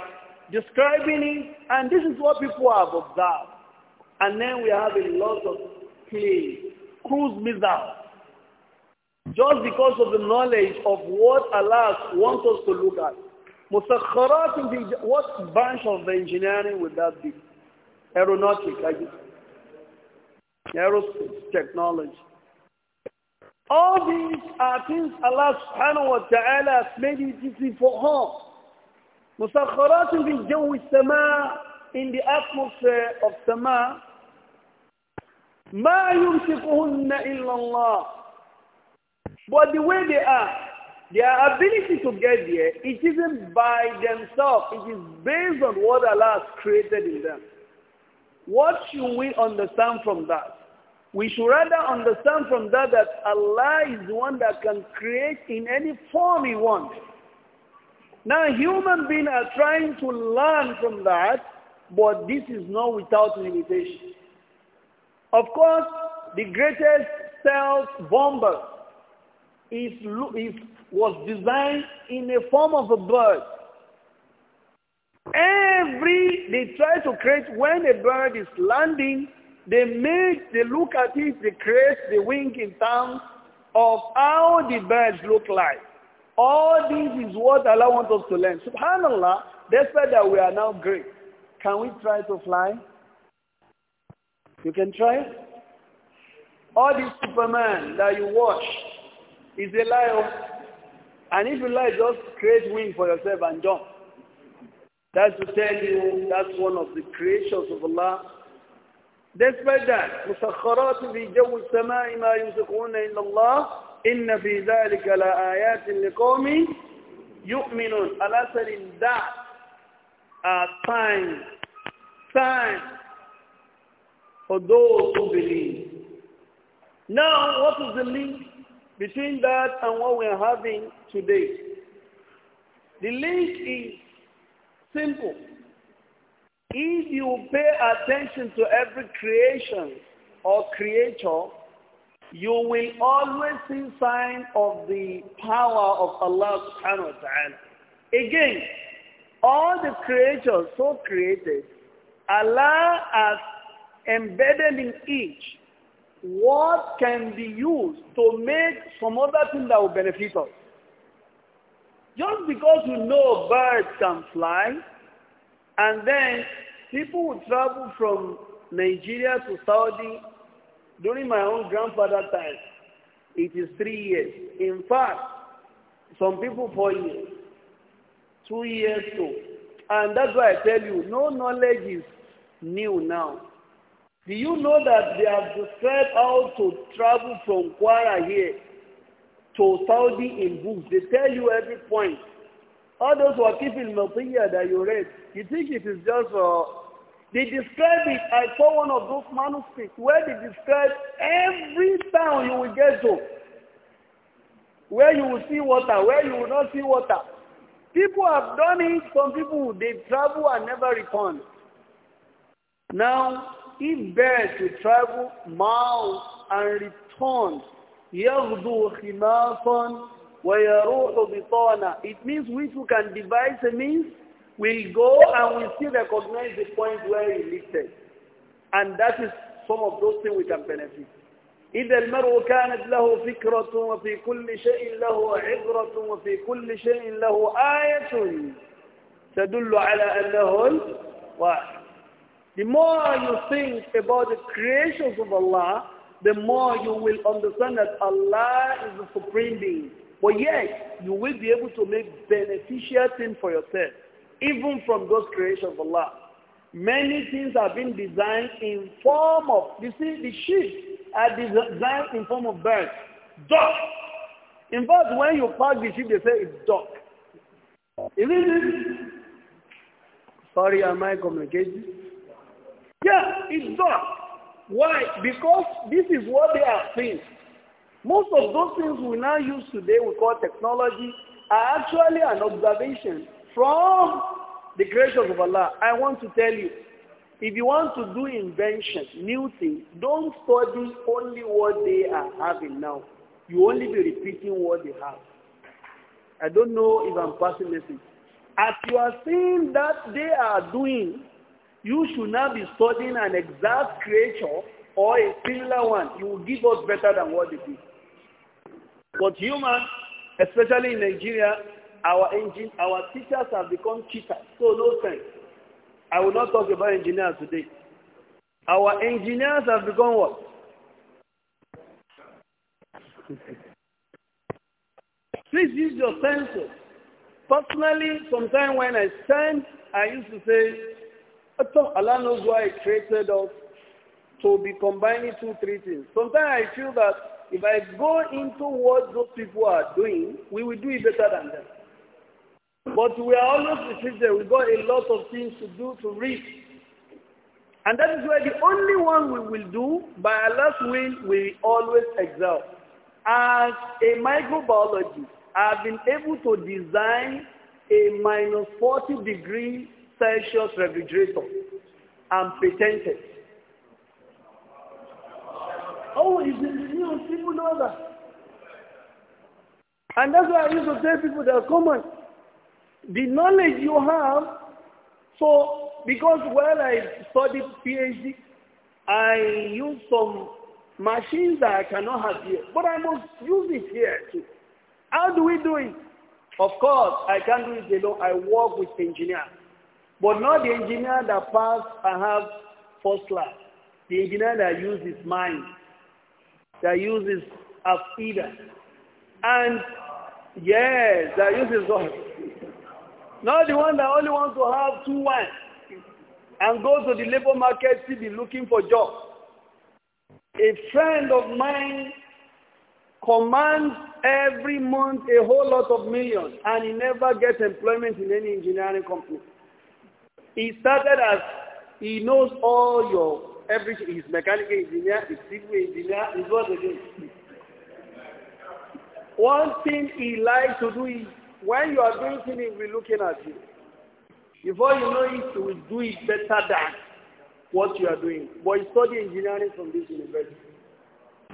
describing it, and this is what people have observed. And then we have a lot of play, cruise missiles, just because of the knowledge of what Allah wants us to look at. Musakharat, what branch of the engineering would that be? Aeronautic, I guess. Aerospace, technology. All these are things Allah subhanahu wa ta'ala has made it easy for us. Musakharat bil jawi sama in the atmosphere of sama. Ma yumsikuhunna illa Allah. But the way they are, their ability to get there, it isn't by themselves. It is based on what Allah has created in them. What should we understand from that? We should rather understand from that that Allah is the one that can create in any form he wants. Now human beings are trying to learn from that, but this is not without limitation. Of course, the greatest self-bomber is, is was designed in the form of a bird. Every, they try to create, when a bird is landing, they make, they look at it, they create the wing in terms of how the birds look like. All this is what Allah wants us to learn. SubhanAllah, despite that we are now great, can we try to fly? You can try. All this Superman that you watch is a lie. And if you like, just create wing for yourself and jump. That's to tell you that's one of the creations of Allah. Despite that, مسخرات في جو السماء ما يمسكون إلا الله إن في ذلك لآيات لقوم يؤمنون. Allah said in that are signs, signs for those who believe. Now, what is the link between that and what we are having Today, The link is simple. If you pay attention to every creation or creator, you will always see signs of the power of Allah subhanahu wa ta'ala. Again, all the creatures so created, Allah has embedded in each what can be used to make some other thing that will benefit us. Just because you know birds can fly, and then people would travel from Nigeria to Saudi during my own grandfather time. It is three years. In fact, some people four years, two years too. And that's why I tell you, no knowledge is new now. Do you know that they have described how to travel from Kwara here to Saudi in books. They tell you every point. All those who are keeping material that you read, you think it is just uh, They describe it. I saw one of those manuscripts where they describe every town you will get to. Where you will see water, where you will not see water. People have done it. Some people, they travel and never return. Now, if birds will travel miles and return يغدو خماصا ويروح بطانا it means we who can devise a means will go and we still recognize the point where he lifted and that is some of those things we can benefit إذا المرء كانت له فكرة وفي كل شيء له عبرة وفي كل شيء له آية تدل على أنه واحد The more you think about the creations of Allah, the more you will understand that Allah is the supreme being. But yet, you will be able to make beneficial things for yourself, even from those creations of Allah. Many things have been designed in form of, you see, the sheep are designed in form of birds, duck. In fact, when you pass the sheep, they say it's duck. Is it? Sorry, am I communicating? Yeah, it's duck. Why? Because this is what they are seeing. Most of those things we now use today, we call technology, are actually an observation from the creation of Allah. I want to tell you, if you want to do invention, new things, don't study only what they are having now. You only be repeating what they have. I don't know if I'm passing message. As you are seeing that they are doing, You should now be studying an exact creature or a similar one. You will give us better than what it is. But humans, especially in Nigeria, our engine, our teachers have become cheaters. So no sense. I will not talk about engineers today. Our engineers have become what? Please use your senses. Personally, sometimes when I stand, I used to say, Allah knows why He created us to be combining two, three things. Sometimes I feel that if I go into what those people are doing, we will do it better than them. But we are always restricted. We got a lot of things to do to reach. And that is why the only one we will do, by Allah's will, we always excel. As a microbiologist, I've been able to design a minus 40 degree Celsius refrigerator and pretended. Oh, you know, people know that. And that's why I used to tell people that come on, the knowledge you have, so because while I studied PhD, I used some machines that I cannot have here, but I must use it here too. How do we do it? Of course, I can't do it alone. I work with engineers. But not the engineer that passed and have first class. The engineer that used his mind, that uses feeder, And yes, that uses God. Not the one that only wants to have two wives and go to the labor market to be looking for jobs. A friend of mine commands every month a whole lot of millions and he never gets employment in any engineering company. He started as he knows all your everything. He's mechanical engineer, he's civil engineer, he's what they do. One thing he likes to do is when you are doing something, he'll be looking at you. Before you know it, you will do it better than what you are doing. But he studied engineering from this university.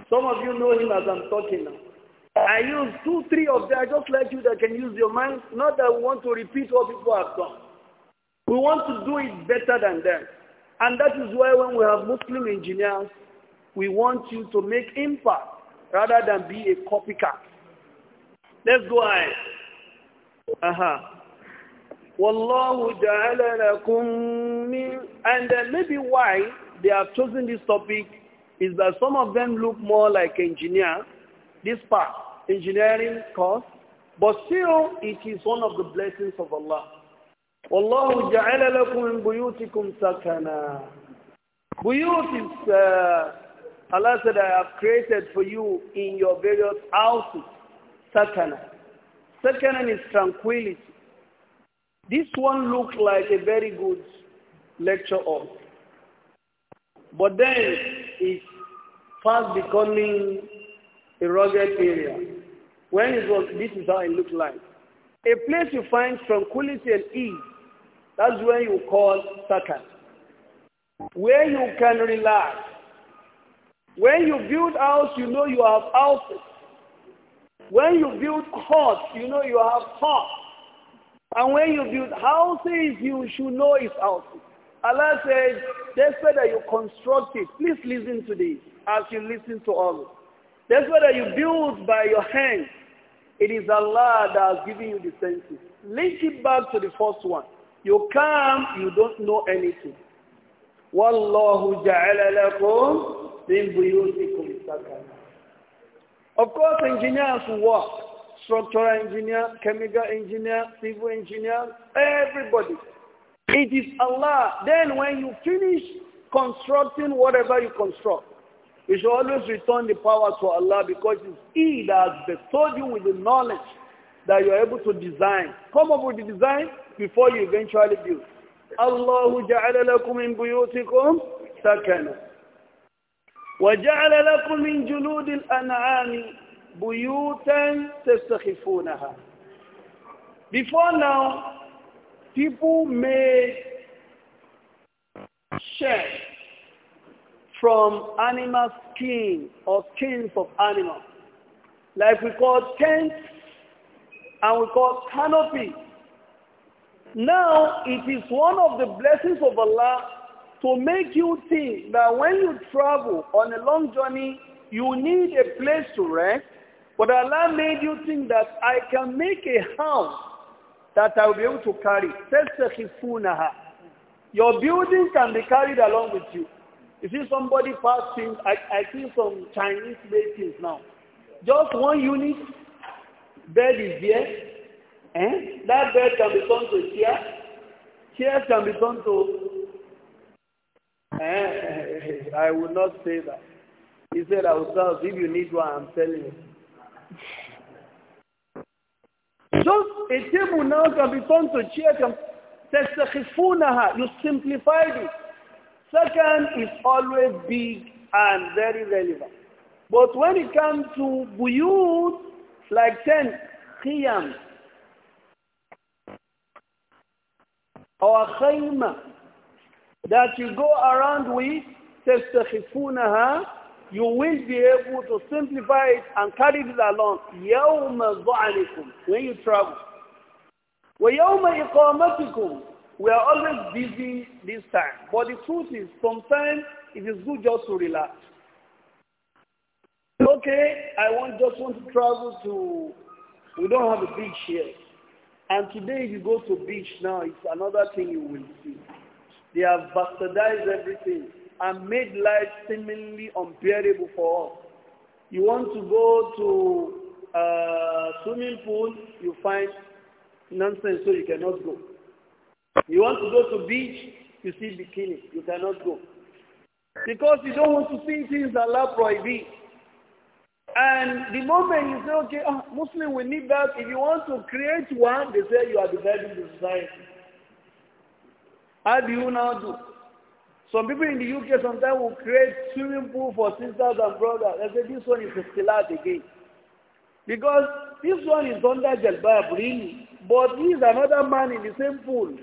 Some of you know him as I'm talking now. I use two, three of them. I just like you that can use your mind. Not that we want to repeat what people have done. We want to do it better than them. And that is why when we have Muslim engineers, we want you to make impact rather than be a copycat. Let's go ahead. Uh-huh. Wallahu ja'ala lakum min... And uh, maybe why they have chosen this topic is that some of them look more like engineer, this part, engineering course, but still it is one of the blessings of Allah. والله جعل لكم من بيوتكم سكنا Buyut is Allah said I have created for you in your various houses sakana. Sakana is tranquility. This one looked like a very good lecture on. But then it fast becoming a rugged area. When it was, this is how it looked like. A place you find tranquility and ease that's where you call sakat. Where you can relax. When you build house, you know you have houses. When you build court, you know you have court. And when you build houses, you should know it's houses. Allah says, that's that you construct it, please listen to this as you listen to others. That's that you build by your hands, it is Allah that has given you the senses. Link it back to the first one. You come, you don't know anything. وَاللَّهُ جَعَلَ لَكُمْ مِنْ بُيُوتِكُمْ سَكَنًا Of course, engineers work. Structural engineer, chemical engineer, civil engineer, everybody. It is Allah. Then when you finish constructing whatever you construct, you should always return the power to Allah because it's He that has bestowed you with the knowledge that you are able to design. Come up with the design, before you eventually build. Allah ja'ala lakum min buyutikum sakana. Wa ja'ala lakum min julud al-an'ami buyutan tastakhifunaha. Before now people made share from animal skin or skins of animals. Like we call tents and we call canopies. Now, it is one of the blessings of Allah to make you think that when you travel on a long journey, you need a place to rest. But Allah made you think that I can make a house that I will be able to carry. Your building can be carried along with you. You see somebody passing, I, I see some Chinese ladies now. Just one unit bed is here. Eh? That bed can be turned to chair. chair. can be turned to... Eh? eh I will not say that. He said, I will tell if you need one, I'm telling you. Just a table now can be turned to a chair. Can... تستخفونها. You simplified it. Second is always big and very relevant. But when it comes to buyut, like ten khiyams, Our khayma that you go around with, تستخفونها, you will be able to simplify it and carry it along. يوم ظعنكم, when you travel. ويوم إقامتكم, we are always busy this time. But the truth is, sometimes it is good just to relax. Okay, I want just want to travel to, we don't have a beach here. And today if you go to beach now, it's another thing you will see. They have bastardized everything and made life seemingly unbearable for us. You want to go to uh, swimming pool, you find nonsense, so you cannot go. You want to go to beach, you see bikini, you cannot go. Because you don't want to see things that Allah prohibited. And the moment you say, okay, oh, Muslim, we need that. If you want to create one, they say you are dividing the society. How do you now do? Some people in the UK sometimes will create swimming pool for sisters and brothers. They say this one is still out again. Because this one is under Jalbab, really. But he is another man in the same pool.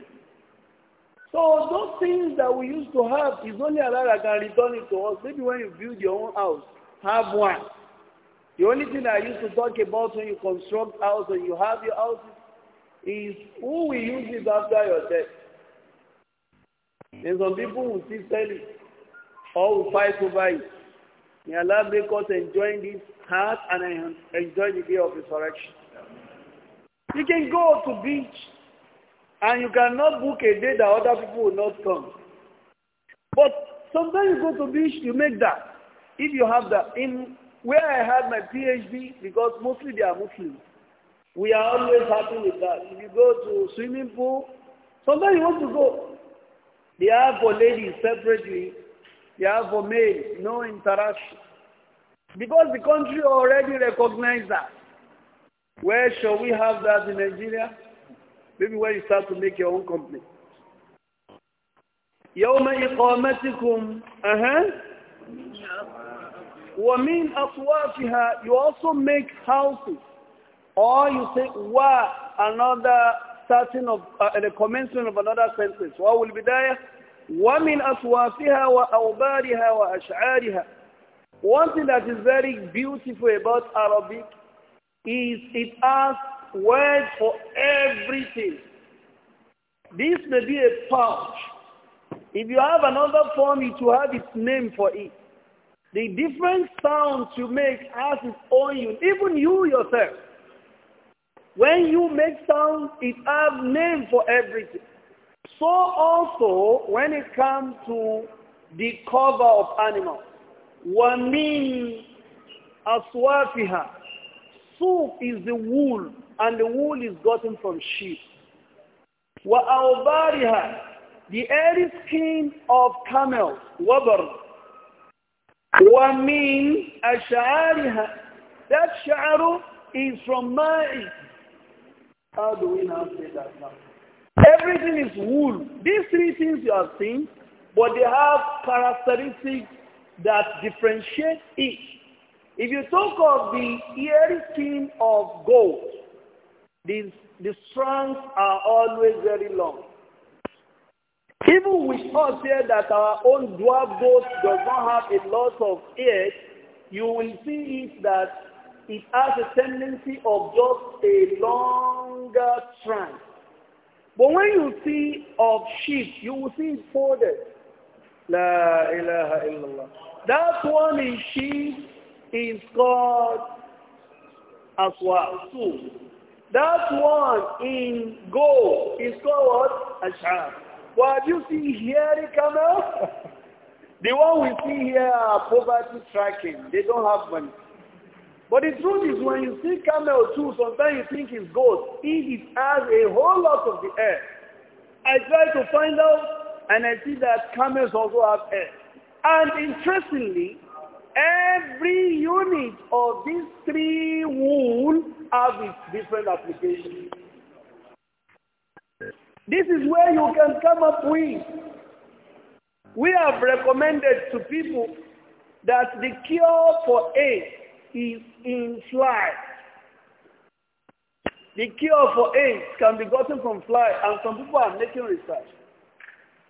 So those things that we used to have is only Allah that can return it to us. Maybe when you build your own house, have one. The only thing I used to talk about when you construct house and you have your house is who will use it after your death. And some people will still sell it or will fight over it. May Allah make us enjoying this heart and enjoy the day of resurrection. You can go to beach and you cannot book a day that other people will not come. But sometimes you go to beach, you make that. If you have that, in where I had my PhD, because mostly they are Muslims, we are always happy with that. If you go to swimming pool, sometimes you want to go. They are for ladies separately. They are for men. no interaction. Because the country already recognizes that. Where shall we have that in Nigeria? Maybe where you start to make your own company. يوم إقامتكم أها uh-huh. وَمِنْ أَصْوَافِهَا You also make houses. Or you say, wa, another starting of, uh, the commencement of another sentence. وَهُ الْبِدَايَةِ وَمِنْ أَصْوَافِهَا وَأَوْبَارِهَا وَأَشْعَارِهَا One thing that is very beautiful about Arabic is it has words for everything. This may be a pouch. If you have another form, it will have its name for it. The different sounds you make has its own Even you yourself. When you make sounds, it has name for everything. So also, when it comes to the cover of animals, وَمِنْ أَصْوَافِهَا Soup is the wool, and the wool is gotten from sheep. وَأَوْبَارِهَا The airy skin of camels, wabar. ومن أشعارها That sharu is from my. How do we now say that now? Everything is wool. These three things you have seen, but they have characteristics that differentiate each. If you talk of the hairy skin of goat, these, the strands are always very long. Even with us here that our own dwarf goat does not have a lot of air, you will see it that it has a tendency of just a longer trance. But when you see of sheep, you will see it folded. La ilaha illallah. That one in sheep is called well. That one in gold is called what? Ash'ar. But you see here they come the one we see here are poverty striking. They don't have money. But the truth is when you see camel too, sometimes you think it's gold. It, it has a whole lot of the air. I try to find out and I see that camels also have air. And interestingly, every unit of these three wool have its different applications. This is where you can come up with. We have recommended to people that the cure for AIDS is in flies. The cure for AIDS can be gotten from flies, and some people are making research.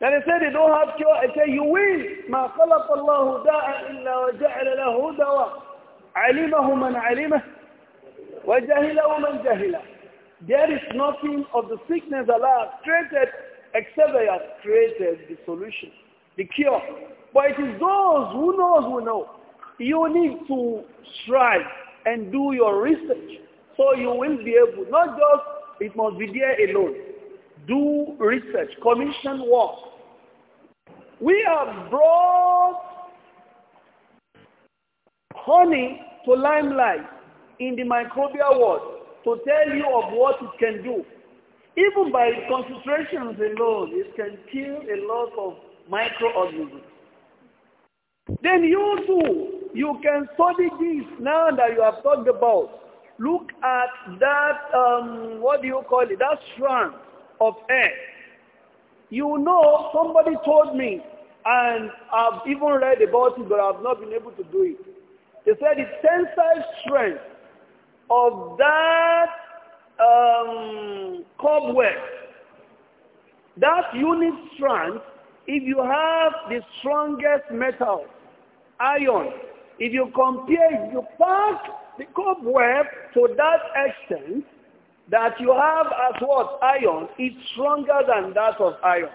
Then they say they don't have cure. I say, you win. ما خلق الله داء إلا وجعل له من وجهله من جهله. There is nothing of the sickness Allah has created except they have created the solution, the cure. But it is those who knows who know. You need to strive and do your research so you will be able, not just it must be there alone. Do research, commission work. We have brought honey to limelight in the microbial world. to tell you of what it can do. Even by concentrations alone, it can kill a lot of microorganisms. Then you too, you can study this now that you have talked about. Look at that, um, what do you call it, that strand of air. You know, somebody told me, and I've even read about it, but I've not been able to do it. They said it's tensile strength of that um, cobweb, that unit strand, if you have the strongest metal, iron, if you compare, if you pack the cobweb to that extent that you have as what? Iron is stronger than that of iron.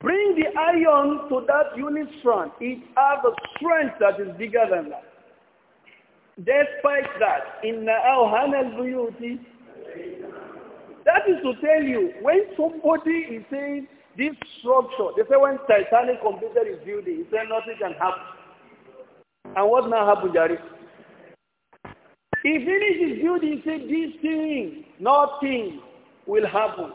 Bring the iron to that unit strand. It has a strength that is bigger than that. Despite that, in Hanal Buyuti, that is to tell you, when somebody is saying this structure, they say when Titanic computer is building, he said nothing can happen. And what now happened, Jari? He finished building, he said this thing, nothing will happen.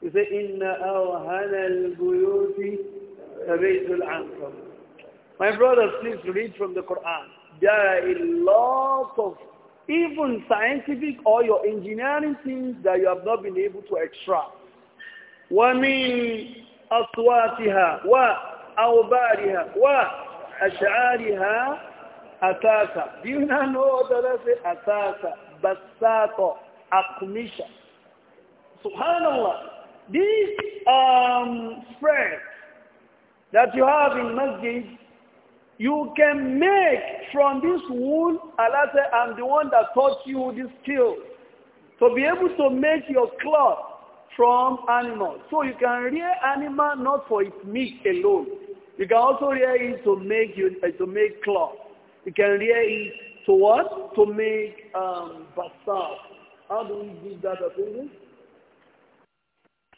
He said, إِنَّ أَوْهَنَ الْبُيُوتِ will answer. My brothers, please read from the Quran. There are a lot of even scientific or your engineering things that you have not been able to extract. وَمِنْ أَصْوَاتِهَا وَأَوْبَارِهَا وَأَشْعَارِهَا أَتَاكَ Do you not know what that is? أَتَاكَ بَسَّاكَ أَقْمِشَ Subhanallah. These um, spreads that you have in masjid you can make from this wool, Allah said, I'm the one that taught you this skill. To be able to make your cloth from animals. So you can rear animal not for its meat alone. You can also rear it to make, you, uh, to make cloth. You can rear it to what? To make um, basal. How do we give that a English?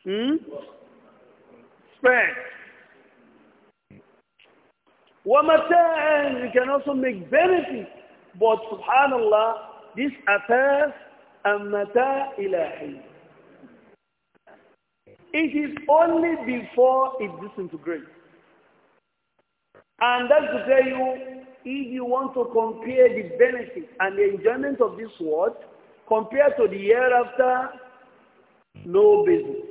Hmm? Spread. ومتاعا you can also make benefit but subhanallah this affairs and mata ilahi it is only before it disintegrates and that's to tell you if you want to compare the benefit and the enjoyment of this world compared to the year after no business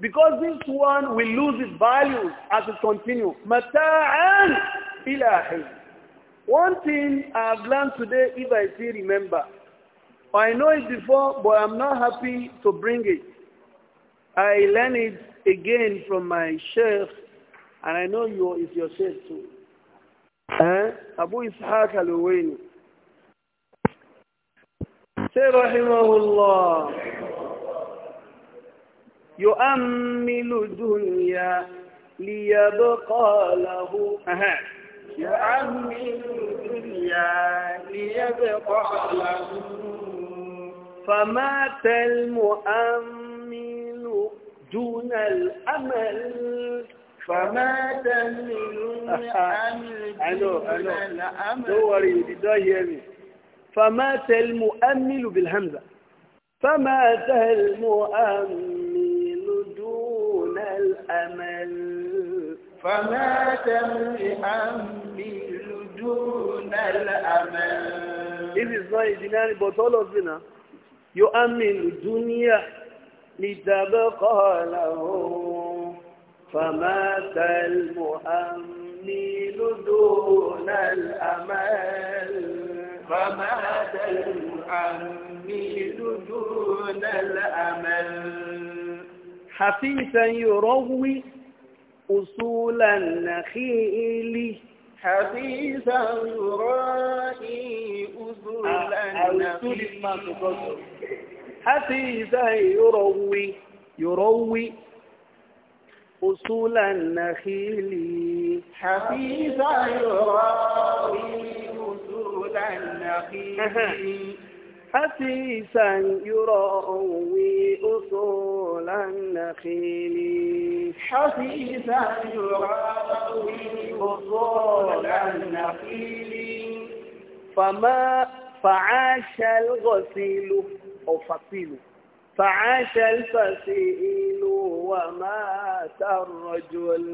Because this one will lose its value as it continues. Mata'an ilahi. One thing I've learned today, if I still remember, I know it before, but I'm not happy to bring it. I learned it again from my chef, and I know you is your chef too. Eh? Abu Ishaq al-Uwaini. Say, rahimahullah. يؤمل الدنيا ليبقى له أها يؤمل الدنيا ليبقى له فمات المؤمل دون الأمل فمات المؤمل دون الأمل Don't worry, you did not hear me. فمات المؤمل بالهمزة فمات المؤمل الأمل فما تمحمل دون الأمل This is not engineering, but all of you now. يؤمن الدنيا لتبقى له فمات المؤمن دون الأمل فمات المؤمن دون الأمل حفيثا يروي أصول النخيل حفيثا يراعي أصول النخيل حفيثا يروي يروي أصول النخيل حفيثا يراعي أصول النخيل حسيسا يراوي أصول النخيل حسيسا يراوي أصول النخيل فما فعاش الغسيل أو فصيل فعاش الفصيل ومات الرجل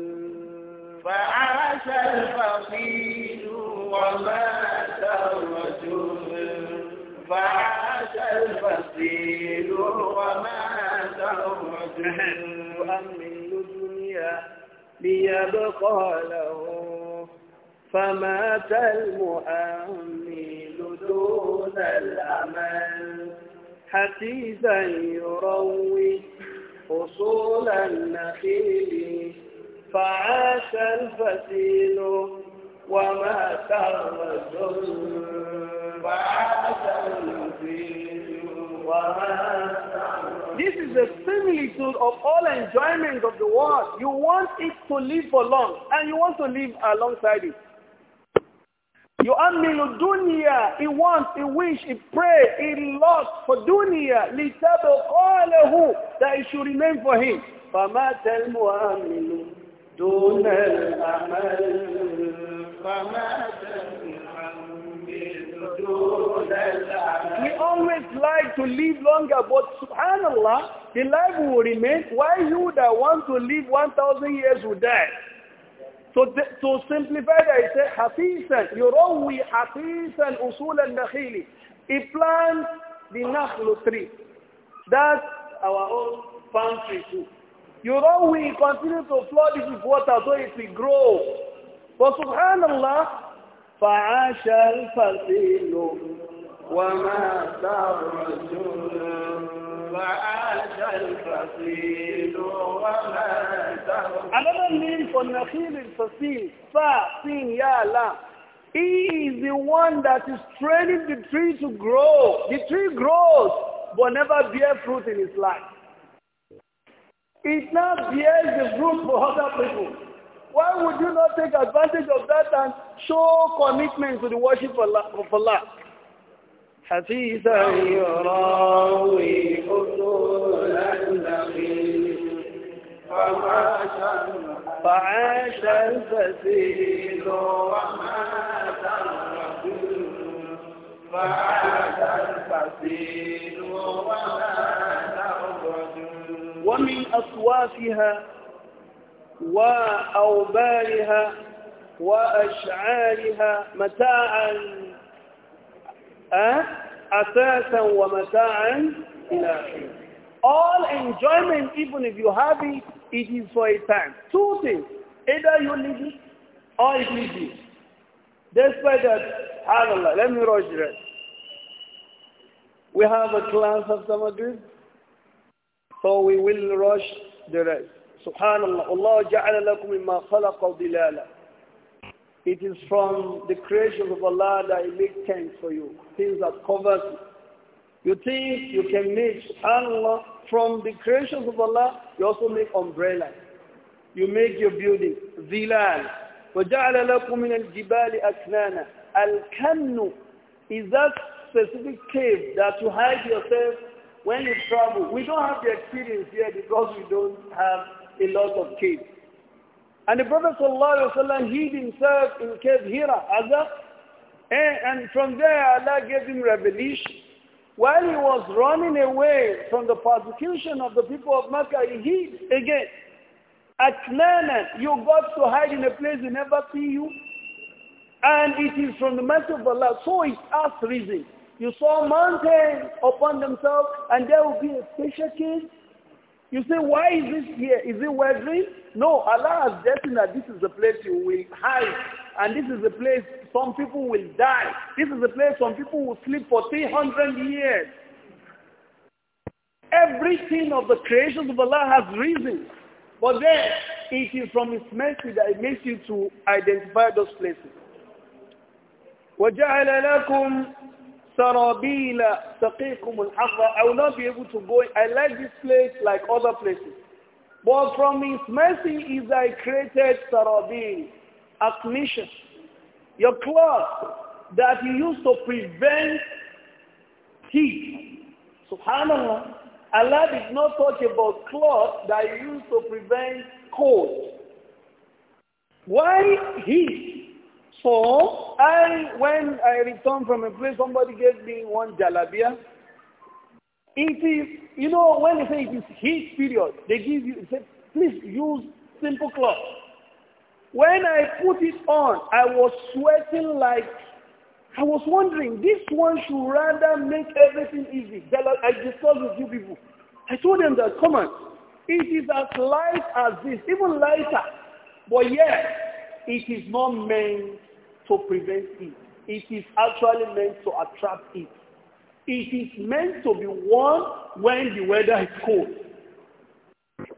فعاش الفصيل ومات الرجل فعاش الفصيل وما ترجو أمن الدنيا ليبقى له فمات المؤمن دون الأمل حتيزا يروي أصول النخيل فعاش الفتيل وما This is the similitude of all enjoyment of the world. You want it to live for long, and you want to live alongside it. You amilu dunya, he wants, he wish, he pray, he lost for dunya, litabu qalahu, that it should remain for him. دون فما We always like to live longer, but subhanAllah, the life will remain. Why you that want to live 1,000 years will die? So to simplify that, I say, حَفِيثًا يُرَوِّي حَفِيثًا أُصُولَ النَّخِيلِ He plants the nakhlu tree. That's our own palm tree too. You know we continue to flood it with water so it will grow. But subhanallah, فعاش الفصيل وما Another name for Nakhil al-Fasil, Fa, Sin, Ya, La. He is the one that is training the tree to grow. The tree grows, but never bear fruit in his life. It now bears the fruit for other people. Why would you not take advantage of that and show commitment to the worship of Allah? حفيظا يراوي حصول النقيل فعاش الفسيل ومات الرسول فعاش الفسيل ومات ومن أصوافها وأوبارها وأشعارها متاعا أساسا ومتاعا إلى حين All enjoyment, even if you have it, it is for a time. Two things. Either you need it or it needs you. Despite that, subhanAllah, let me rush that. We have a class of Samadhi. So we will rush the rest. Subhanallah. Allah ja'ala lakum imma khalaqa dilala. It is from the creation of Allah that He makes tents for you. Things that covers you. You think you can make, subhanAllah, from the creations of Allah, you also make umbrellas. You make your building. Zilal. وَجَعْلَ لَكُم مِنَ الْجِبَالِ أَكْنَانًا Al-Kannu is that specific cave that you hide yourself when you travel, we don't have the experience here because we don't have a lot of caves. And the Prophet ﷺ hid himself in cave Hira, eh, and, from there Allah gave him revelation. While he was running away from the persecution of the people of Mecca, he hid again. Atlanan, you got to hide in a place they never see you. And it is from the mercy of Allah. So it's our reason. You saw mountains upon themselves and there will be a special king. You say, why is this here? Is it worthy? No, Allah has destined that this is the place you will hide. And this is the place some people will die. This is the place some people will sleep for 300 years. Everything of the creations of Allah has reason. But then, it is from His mercy that it makes you to identify those places. وَجَعَلَ لَكُمْ Sarabila al Harra. I will not be able to go. I like this place like other places. But from His mercy is I created Sarabil, admission. Your cloth that you use to prevent heat. Subhanallah. Allah did not talk about cloth that you use to prevent cold. Why heat? So I, when I return from a place, somebody gave me one jalabia. It is, you know, when they say it is heat period, they give you, say, please use simple cloth. When I put it on, I was sweating like, I was wondering, this one should rather make everything easy. I discussed with you people. I told them that, come on, it is as light as this, even lighter. But yes, it is not meant to prevent it. It is actually meant to attract it. It is meant to be worn when the weather is cold.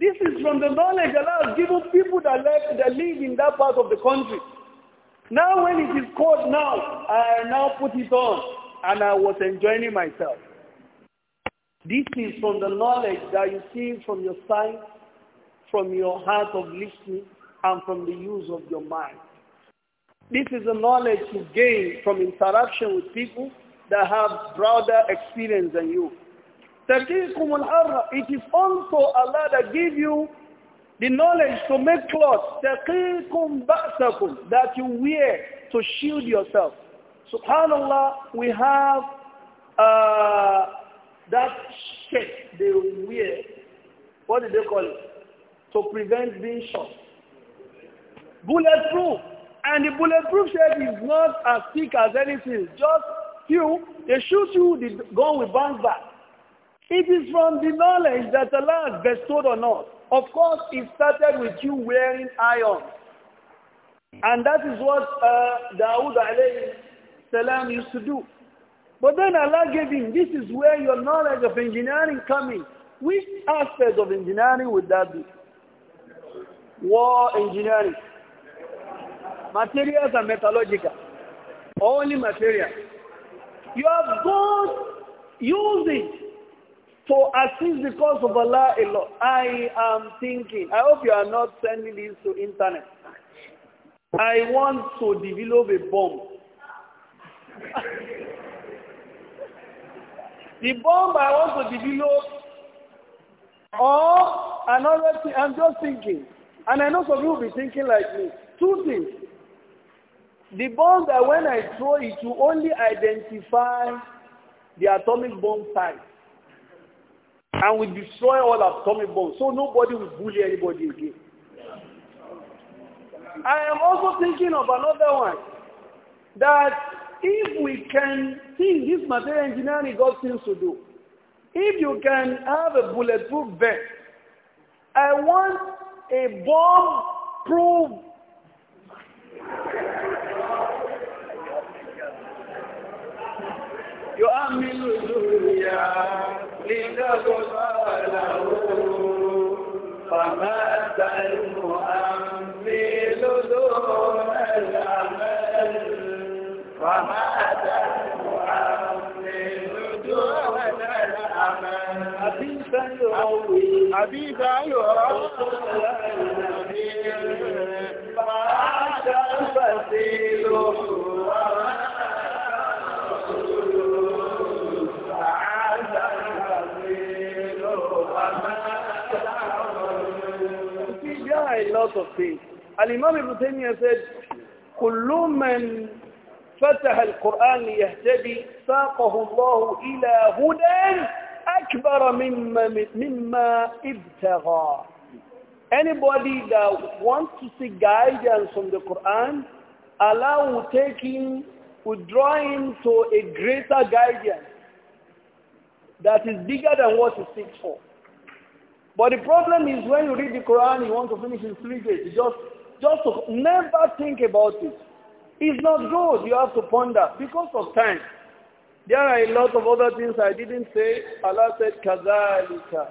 This is from the knowledge Allah has given people that live, that live in that part of the country. Now when it is cold now, I now put it on and I was enjoying myself. This is from the knowledge that you see from your sight, from your heart of listening, and from the use of your mind. This is a knowledge you gain from interaction with people that have broader experience than you. It is also Allah that gives you the knowledge to make clothes that you wear to shield yourself. Subhanallah, we have uh, that shirt they wear. What do they call it? To prevent being shot. Bulletproof. And the bulletproof shirt is not as thick as anything. Just few, they shoot you, the gun will bounce back. It is from the knowledge that Allah has bestowed on us. Of course, it started with you wearing iron. And that is what uh, Dawood alayhi salam used to do. But then Allah gave him, this is where your knowledge of engineering comes Which aspect of engineering would that be? War engineering materials and metallurgical only material you have God use it to assist the cause of Allah a lot I am thinking I hope you are not sending this to internet I want to develop a bomb the bomb I want to develop or another thing, I'm just thinking. And I know some of you will be thinking like me. Two things. The bomb that when I throw it will only identify the atomic bomb type, and will destroy all atomic bombs. So nobody will bully anybody again. I am also thinking of another one that if we can see this material engineering got things to do, if you can have a bulletproof vest, I want a bomb-proof يؤمن الدنيا لتكفى له فما المؤمن دون العمل فما المؤمن دون العمل حبيبا يروي حبيبا يروي ما عاد الفصيل lot of things. Al-Imam Ibn Taymiyyah said, كل من فتح القرآن ليهتدي ساقه الله إلى هدى أكبر مما, مما ابتغى Anybody that wants to seek guidance from the Quran, Allah will take him, will draw him to a greater guidance that is bigger than what he seeks for. But the problem is when you read the Quran, you want to finish in three days. Just, just to, never think about it. It's not good. You have to ponder because of time. There are a lot of other things I didn't say. Allah said, كَذَلِكَ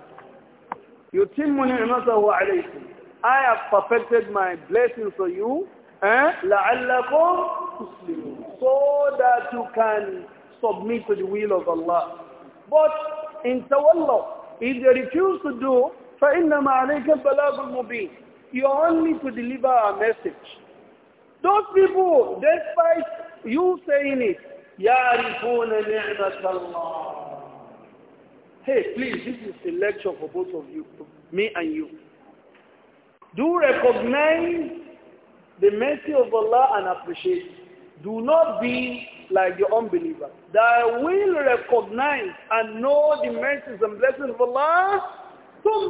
يُتِمُّ نِعْمَتَهُ عَلَيْكُمْ I have perfected my blessings for you. Eh? لَعَلَّكُمْ So that you can submit to the will of Allah. But in tawallah, if they refuse to do, فَإِنَّمَا عَلَيْكَ بَلَاغُ الْمُبِينَ You are only to deliver a message. Those people, despite you saying it, يَعْرِفُونَ نِعْمَةَ اللَّهِ Hey, please, this is a lecture for both of you, me and you. Do recognize the mercy of Allah and appreciate it. Do not be like the unbeliever. That will recognize and know the mercies and blessings of Allah. They know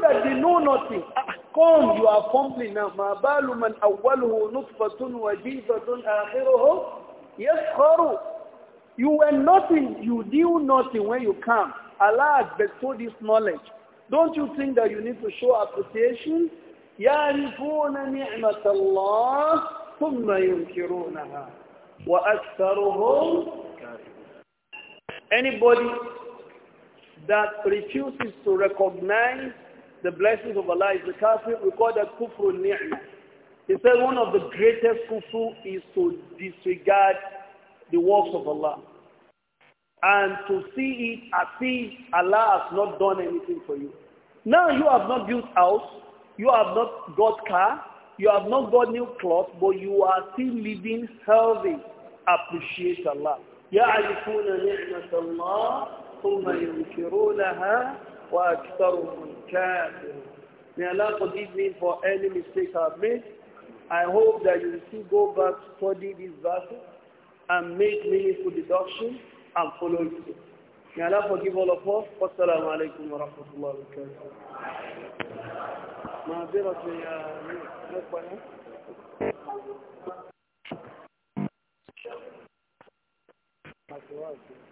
that they know nothing. Ah, come, you are fumbling now. ما بال من أوله نطفة وجيفة آخره يسخر. You were nothing. You knew nothing when you came. Allah has bestowed this knowledge. Don't you think that you need to show appreciation? يعرفون نعمة الله ثم ينكرونها وأكثرهم Anybody that refuses to recognize the blessings of Allah is the kafir, we call that kufru ni'mah. He said one of the greatest kufru is to disregard the works of Allah and to see it as if Allah has not done anything for you. Now you have not built house, you have not got car, you have not got new clothes, but you are still living healthy. Appreciate Allah. يعرفون نعمة الله ثم ينكرونها وأكثرهم كافرون May Allah forgive me for any mistake I've made. I hope that you will still go back, to study these verses, and make meaningful deductions and follow it. May Allah forgive all of us. Wassalamu alaikum wa rahmatullahi wa barakatuh. معذرة يا مقبلة Thank you.